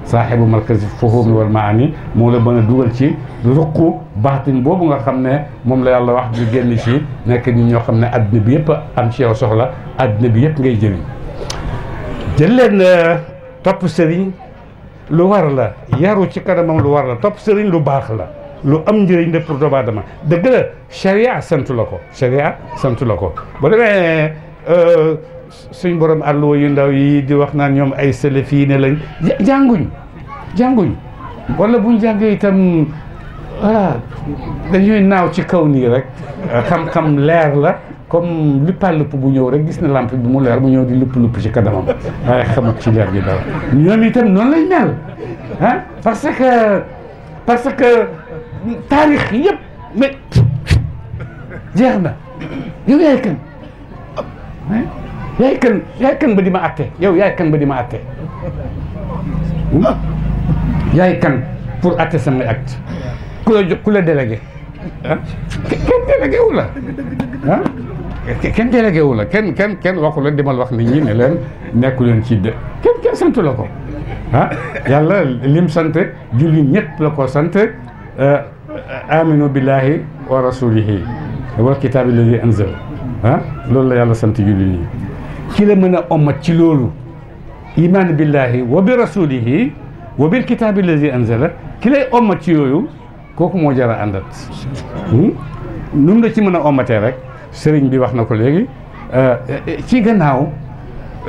saaxibu markazil fuhumi wal maani moo la mën a dugal ci ruqu baatin boobu nga xam ne moom la yàlla wax ñu génn ci nekk ñi ñoo xam ne adduna bi yëpp am ci yow soxla adduna bi yëpp ngay jëriñ jël leen topp sëriñ lu war la yaru ci kanamam lu war la topp sëriñ lu baax la lu am njëriñ la pour doomu aadama dëgg la charia sant la ko charia sant la ko bu demee suñ boroom àlluwa yu ndaw yi di wax naan ñoom ay salafi ne lañ jànguñ jànguñ wala buñ jàngee itam voilà dañuy naaw ci kaw nii rek xam-xam leer la comme lu pàllup bu ñëw rek gis na lampe bi mu leer mu ñëw di lupp lupp ci kanamam waaye xamut ci leer bi dara ñoom noonu lañ mel ah, parce que parce que taarix yëpp mais jeex na yow yaay kan yaay kan yaay kan ba di ma atte yow yaay kan ba di ma atte yaay kan pour atte samay acte ku la ku la délégué ah kenn délégué wu la ah kenn délégué wu la kenn kenn kenn waxu la demal wax nit ñi ne leen nekku leen ci de kenn kenn sant la ko ah yàlla lim sant julli ñëpp la ko sant aminu billahi wa rasulihi wal kitaabi alladi anzal ah loolu la yàlla sant julli ñi ci la mën a ommat ci loolu iman billahi wa bi rasulihi wa bil kitaabi allazi anzala ki lay ommat ci yooyu kooku moo jar a àndat hmm? nu mu la ci mën a ommatee rek sëriñ bi wax na ko léegi eh, ci gannaaw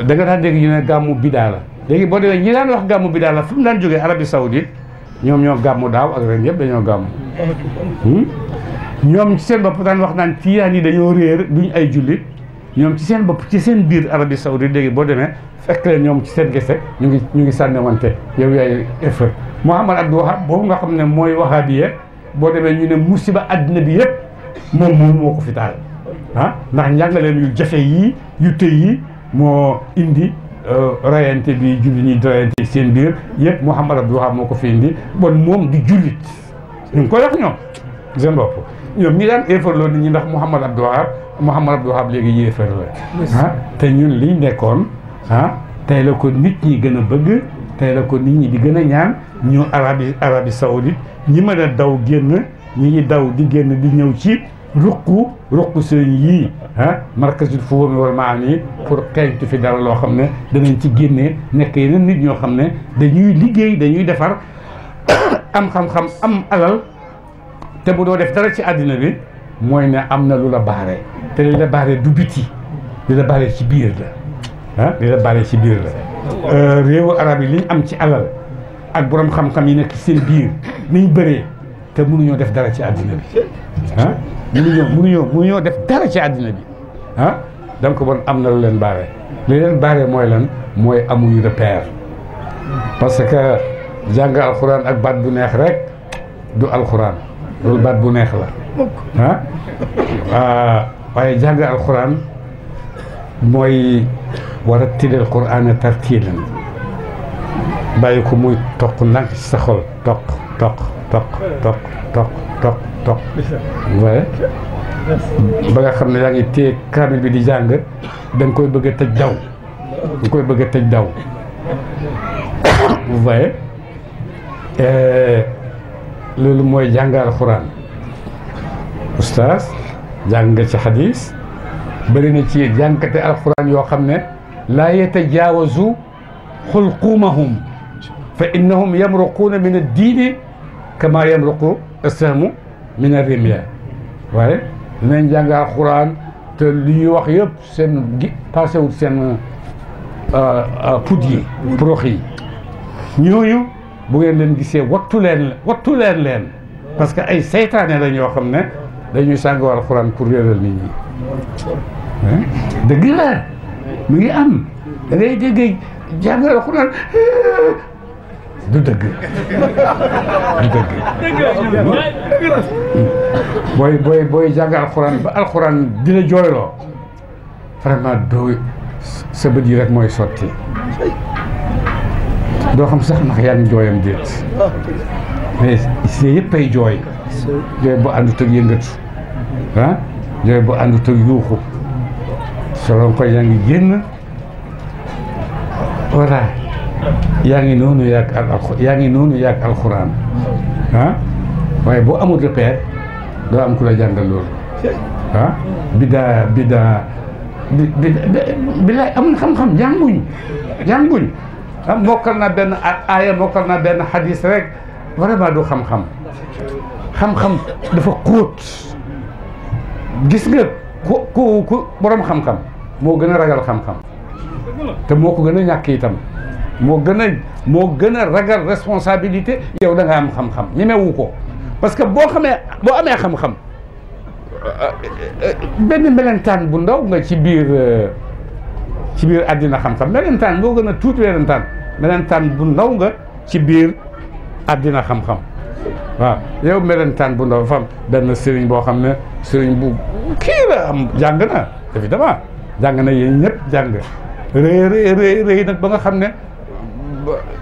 da nga daan dégg ñu ne gàmmu bidaa la léegi boo demee ñi daan wax gàmmu bidaa la fu mu daan jógee Arabie Saoudite ñoom ñoo gàmmu daaw ak ren yëpp dañoo gàmmu hmm? ñoom ci seen bopp daan wax naan tiyaan yi dañoo réer duñ ay jullit ñoom ci seen bopp ci seen biir Arabie Saoudite léegi boo demee fekk leen ñoom ci seen gese ñu ngi ñu ngi sànniwante yow yaay effet Mouhamad Abdou Wahab boobu nga xam ne mooy wahabiye boo demee ñu ne musiba àddina bi yëpp moom moom moo ko fi taal ah ndax leen yu jafe yii yu tëy yi moo indi euh, rayante bi julli ñuy rayante seen biir yëpp Mouhamad Abdou Wahab moo ko fi indi bon moom di jullit ñu ngi koy wax ñoom seen bopp ñoom ñi daan effortloo nit ñi ndax Mouhamad Abdou Wahab Mouhamad Abdou Wahab léegi yéefar la ah te ñun liñ nekkoon ah tey la ko nit ñi gën a bëgg tey la ko nit ñi di gën a ñaan ñu arabi arabi saoudite ñi mën a daw génn ñi ngi daw di génn di ñëw ci ruqu ruqu seen yii ah markasul fuhumi wal maani pour xeeñtu fi dara loo xam ne danañ ci génnee nekk yeneen nit ñoo xam ne dañuy liggéey dañuy defar [COUGHS] am xam-xam am alal te bu doo def dara ci àddina bi mooy ne am na lu la baare te li la baare du biti li la baare ci biir la ah li la baare ci biir la réewu arab yi li ñu am ci alal ak borom xam-xam yi nekk seen biir ni ñu bëree te mënuñoo def dara ci àddina bi ah mënuñoo mënuñoo mënuñoo def dara ci àddina bi ah donc bon am na lu leen baare li leen baare mooy lan mooy amuñu repère parce que jàng alxuraan ak baat bu neex rek du alxuraan loolu baat bu neex la ah waaye jàng alquran mooy war a tiilal quraan tartiilan bàyyi ko muy toq ndànk ci sa xol toq toq toq toq toq toq toq waaye ba nga xam ne yaa ngi téye kaamil bi di jàng da koy bëgg a tëj daw nga koy bëgg a tëj daw waaye [COUGHS] euh, loolu mooy jàngal xuraan أستاذ جانجة حديث برينيتي جانجة القرآن يوخمنا لا يتجاوزوا خلقومهم فإنهم يمرقون من الدين كما يمرق السهم من الرمية واي لين جانجة القرآن تلي وخيب سن تاسو سن بودي بروخي نيويو بوين لين جيسي وقتو لين وقتو لين لين باسكو اي سيطان لين يوخمنا dañuy sàngoo alxuraan pour réeral nit ñi dëgg la mu ngi am da ngay dégg alxuraan du dëgg du dëgg booy boy booy jàng alxuraan ba alxuraan di la jooyloo vraiment doo sa bët yi rek mooy sotti doo xam sax ndax yaa ngi jooyam déet mais see yëpp ay jooy jooy bu àndut ak yëngatu ah jooy bu àndut ak yuuxu selon ko yaa ngi génn voilà yaa ngi noonu yàgg al yaa ngi noonu yàgg alxuraan ah waaye boo amul repère doo am ku la jàngal loolu ah biddaa biddaa bi bi bi laay amul xam-xam jànguñu jànguñu ah mokkal naa benn aaya mokkal naa benn xadis rek. vraiment du xam-xam xam-xam dafa xóot gis nga ku ku ku borom xam-xam moo gën a ragal xam-xam te moo ko gën a ñàkk itam moo gën a moo gën a ragal responsabilité yow da am xam-xam ñemewu ko parce que boo xamee boo amee xam-xam benn melentaan bu ndaw nga ci biir ci biir àddina xam-xam melentaan boo gën a tuuti melentaan melentaan bu ndaw nga ci biir àddina xam-xam waaw yow melentaan bu ndaw fam benn sëriñ boo xam ne sëriñ bu kii la am jàng na évidemment jàng na yéen ñëpp jàng rëy rëy rëy rëy ba nga xam ne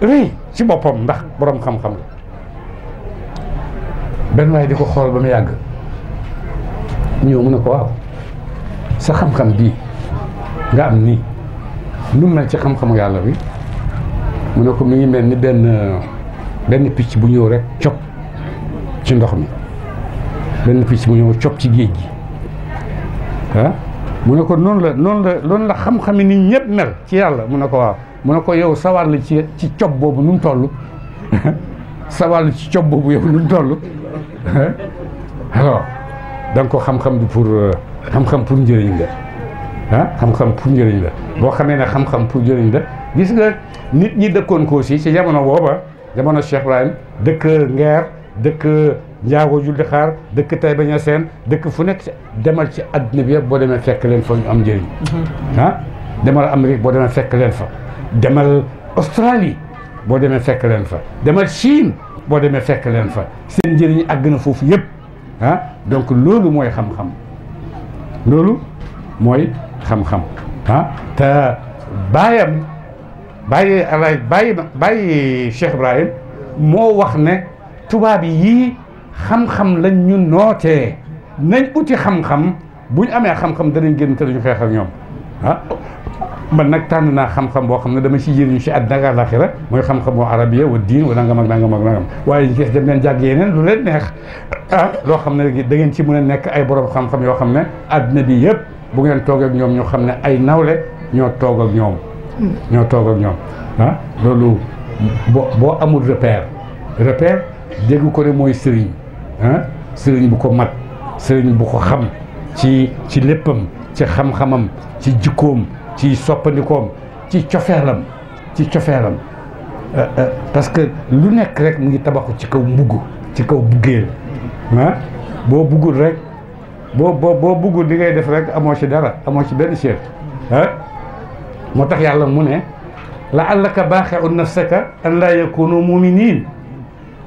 rëy ci boppam ndax boroom xam-xam la benn waaye di ko xool ba mu yàgg ñëw mu ne ko waaw sa xam-xam bii nga am nii lu mel ci xam-xam yàlla bi mu ne ko mi ngi mel ni benn benn picc bu ñëw rek cop ci ndox mi benn picc bu ñëw cop ci géej gi ah mu ne ko noonu la noonu la noonu la xam ni ñëpp mel ci yàlla mu ne ko waaw mu ne ko yow sawal la ci ci cop boobu nu mu toll [LAUGHS] sawal la ci cop boobu yow nu mu toll [LAUGHS] alors danga ko xam-xam bi pour euh, xam-xam pour njëriñ la ah xam-xam pour njëriñ la boo xamee ne xam-xam pour njëriñ la gis nga nit ñi dëkkoon ko aussi ci jamono booba jamono Cheikh Ibrahim dëkk Ngeer dëkk Njaago Juldi Xaar dëkk Taïba Niassène dëkk fu nekk demal ci àddina bi yëpp boo demee fekk leen fa ñu am njëriñ mhm. ah? demal Amérique boo demee fekk leen fa demal Australie boo demee fekk leen fa demal Chine boo demee fekk leen fa seen njëriñ àgg na foofu yëpp ah donc loolu mooy xam-xam loolu mooy xam-xam ah? te baayam bàyyi alaaj bàyyi bàyyi Cheikh Ibrahim moo wax ne tubaab yii xam-xam lañ ñu nootee nañ uti xam-xam buñ amee xam-xam danañ génn te duñu xeex ak ñoom ah man nag tànn naa xam-xam boo xam ne dama si jëriñu si àddina ak àllaaxira mooy xam-xamu arabiya wa diin wa nangam ak nangam ak nangam waaye ñu dem leen jàgg yeneen lu leen neex ah loo xam ne da ngeen ci mën a nekk ay borom xam-xam yoo xam ne àddina bi yëpp bu ngeen toog ak ñoom ñu xam ne ay nawle ñoo toog ak ñoom ñoo toog ak ñoom ah loolu boo boo amul repère repère dégg ko ne mooy sëriñ ah sëriñ bu ko mat sëriñ bu ko xam ci ci léppam ci xam-xamam ci jikkoom ci soppandikoom ci cofeelam ci cofeelam euh, euh, parce que lu nekk rek mu ngi tabaxu ci kaw mbugg ci kaw buggeel ah boo buggul rek boo boo boo buggul li ngay def rek amoo ci dara amoo ci benn chef moo tax yàlla mu ne la allaka baaxiun nafsaka an laa yakunu muminin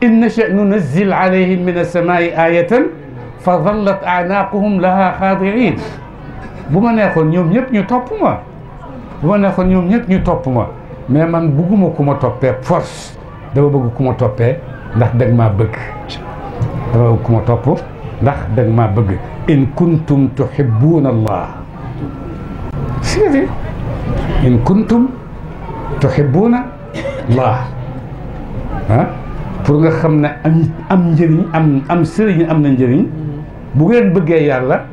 in nasha nunazil alayhim min alsamaai ayatan fa dallat anaaquhum laha xaadiin bu ma neexoon ñoom ñëpp ñu topp ma bu ma neexoon ñoom ñëpp ñu topp ma mais man bugguma ku ma toppee force dama bëgg ku ma toppee ndax dëgg maa bëgg dama bëgg ku ma topp ndax dëgg maa bëgg in kuntum tuhibbuuna allah si إن كنتم تحبون الله ها pour nga xamne am am njëriñ am am sëriñ am na njëriñ bu ngeen bëggee yàlla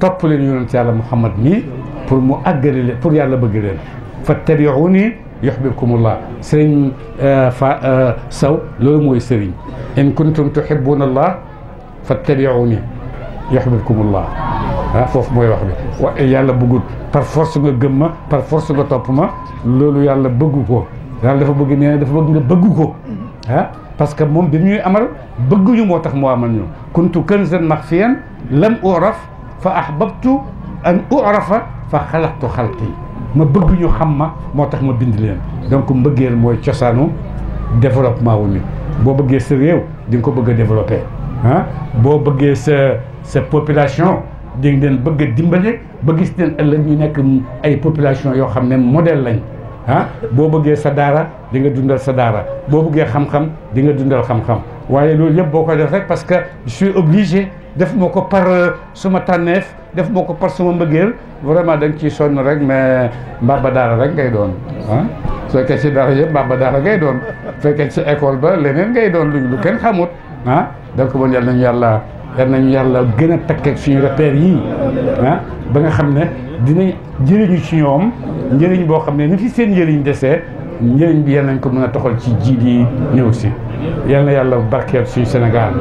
top leen yonent yàlla Muhammad ni pour mu àggali le pour yàlla bëgg leen fa tabi'uni yuhibbukumullah sëriñ fa saw loolu moy sëriñ in kuntum tuhibbuna allah fattabiuni yuhibbukumullah ah foofu mooy wax bi wa e yàlla bëggul par force nga gëm ma par force nga topp ma loolu yàlla bëggu ko yàlla dafa bëgg nee na dafa bëgg nga bëggu ko mm-hmm. ah parce que moom bi ñuy amal bëgguñu moo tax moo amal ñu kuntu kanzan maxfiyan lam uraf fa ahbabtu an urafa fa xalaqtu xalqi ma bëgg ñu xam ma moo tax ma bind leen donc mbëggeel mooy cosaanu développement wu nit boo bëggee sa réew di nga ko bëgg a développé ah boo bëggee sa sa population di leen bëgg dimbale ba gis leen ëllëg ñu nekk ay population yoo xam ne modèle lañ ah boo bëggee sa daara di nga dundal sa daara boo bëggee xam-xam di nga dundal xam-xam waaye loolu yëpp boo ko def rek parce que je suis obligé def moo ko par euh, suma tànneef def moo ko par suma mbëggeel vraiment da nga ciy sonn rek mais mbaba daara rek ngay doon ah su fekkee ci daara yëpp mbaba daara ngay doon fekkee si école ba leneen ngay doon lu kenn xamut ah donc bon yàlla nañu yàlla yal nañu yàlla gën a takk ak suñu repères yii ah, ba nga xam ne dina jëriñu ci ñoom njëriñ boo xam ne ni fi seen njëriñ desee njëriñ bi yal nañ ko mën a toxal ci jiit yi ñëw si yal na yàlla barkeel suñu senegal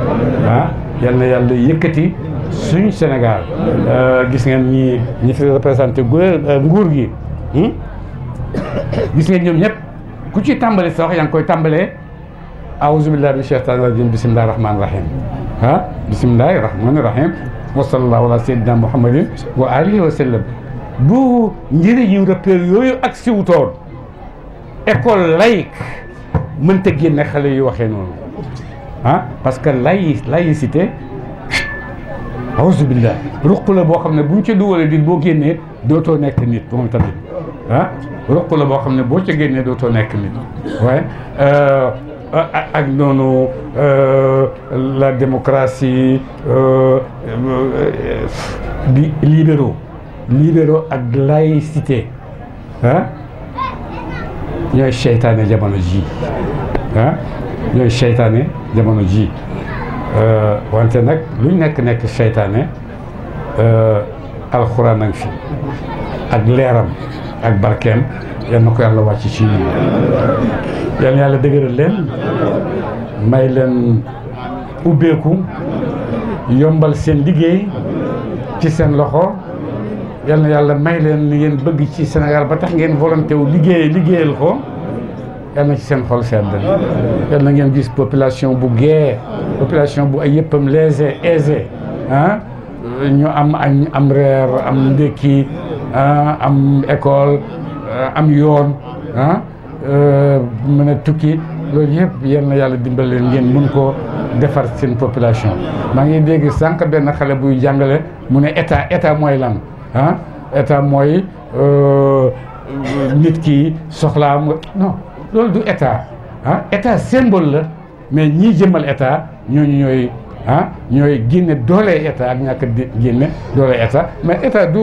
ah yal na yàlla yëkkati suñu Sénégal euh, gis ngeen ñi ñi fi représenté euh, nguur gi hmm? gis ngeen ñoom ñëpp ku ci tàmbali sa wax yaa ngi koy tàmbalee aouzu billahi min cheytaan rajim bisimilah rahmaani rahim ah. بسم الله الرحمن الرحيم وصلى الله على سيدنا محمد وآله وسلم bu njëriñ européen yooyu ak siwutoon école laïque mënta génne xale yu waxee noonu ah parce que laï laïcité auzubillah ruq la boo xam ne bu ñu ca dugalee nit boo génnee dootoo nekk nit moom tamit ah ruq la boo xam ne boo ca génnee dootoo nekk nit waaye Euh, ak noonu euh, la démocratie euh, di libéraux libéraux ak laïcité ah ñooy seytaane jamono ji ah ñooy seytaane jamono ji wante nag lu nekk nekk seytaane alxuraan a ngi fi ak leeram ak barkeem yal ko yàlla wàcc ci ñun yal na yàlla dëgëral leen may leen ubbeeku yombal seen liggéey ci seen loxo yal na yàlla may leen li ngeen bëgg ci Sénégal ba tax ngeen volonté wu liggéey liggéeyal ko yal na ci seen xol sedd yal na ngeen gis population bu gee population bu ay yëppam lésé aisé ah ñu am añ am reer am ndékki ah, am école Euh, am yoon ah euh, mën a tukki loolu yëpp yal na yàlla dimbal leen ngeen mun ko defar seen population maa ngi dégg sànq benn xale buy jàngale mu ne état état mooy lan ah état mooy euh, nit ki soxlaam non loolu du état ah état symbole la mais ñii jëmmal état ñooñu ñooy ah, ñooy génne doole état ak ñàkk génne doole état mais état du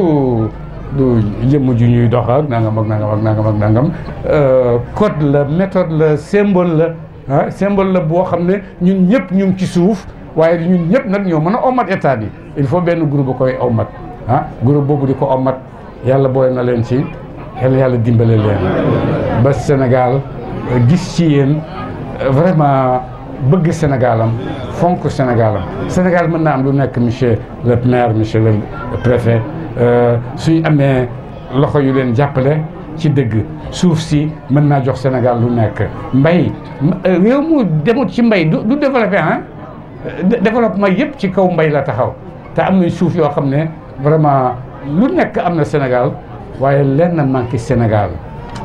du jëmm ju ñuy dox ak nangam ak nangam ak nangam ak nangam euh, code la méthode la symbole la ah symbole la boo xam ne ñun ñëpp ñu ci suuf waaye ñun ñëpp nag ñoo mën a omat état bi il faut benn groupe koy omat ah groupe boobu di ko omat yàlla boole na leen ci xel yàlla dimbalee leen ba Sénégal euh, gis ci yéen euh, vraiment bëgg Sénégalam fonk Sénégalam Sénégal mën naa am lu nekk monsieur le maire monsieur le préfet Euh, suñ amee loxo yu leen jàppale ci dégg suuf si mën naa jox Sénégal lu nekk mbay euh, réew mu demut ci mbay du développé ah développement yëpp ci kaw mbay la taxaw te am nañ suuf yoo xam ne vraiment lu nekk am na Sénégal waaye lenn manqué Sénégal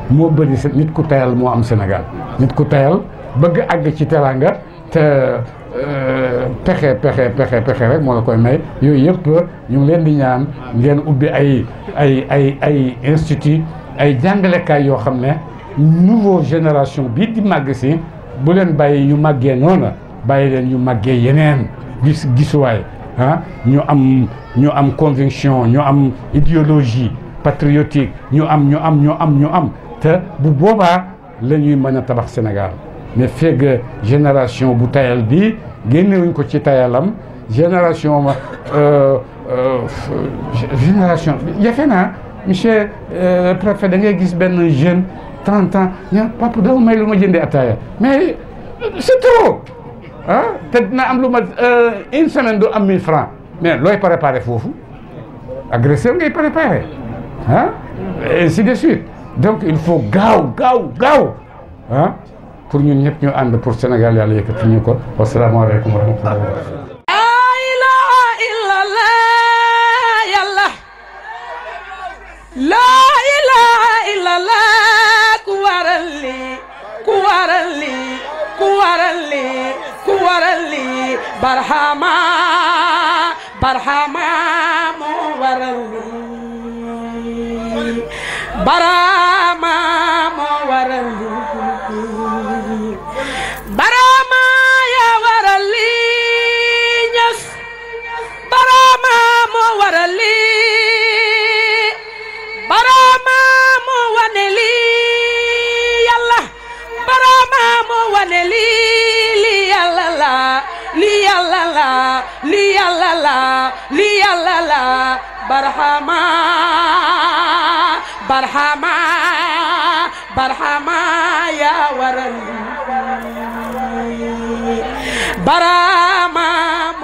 moo bëri nit ku tayal moo am Sénégal nit ku tayal bëgg àgg ci teraanga te euh, pexe pexe pexe pexe rek moo la koy may yooyu yëpp ñu ngi leen di ñaan ngeen ubbi ay ay ay ay institut ay jàngalekaay yoo xam ne nouveau génération bi di màgg si bu leen bàyyi ñu màggee noona bàyyi leen ñu màggee yeneen gis gisuwaay ah ñu am ñu am conviction ñu am idéologie patriotique ñu am ñu am ñu am ñu am te bu boobaa la ñuy mën a tabax Sénégal mais feeg génération bu tayal bi génnewuñ ko ci tayalam génération ma euh, euh, génération jafe naa monsieur euh, le préfet da ngay gis benn jeune trente ans ña papa dama may lu ma jëndee ataaya mais c'est trop ah te dina am lu ma une semaine du am mille francs mais looy préparé foofu agresseur ngay préparé ah ainsi de suite donc il faut gaaw gaaw gaaw ah pour ñun ñëpp ñu ànd pour Sénégal yàlla yëkkati ñu ko wasalaamaaleykum wa rahmatullahi illallah barhama barhama mu waral barhama mu waral barama yaa waral lii ñas barama moo waral lii la li yàlla la li yàlla la barhama barhama barhama yaa waral barhama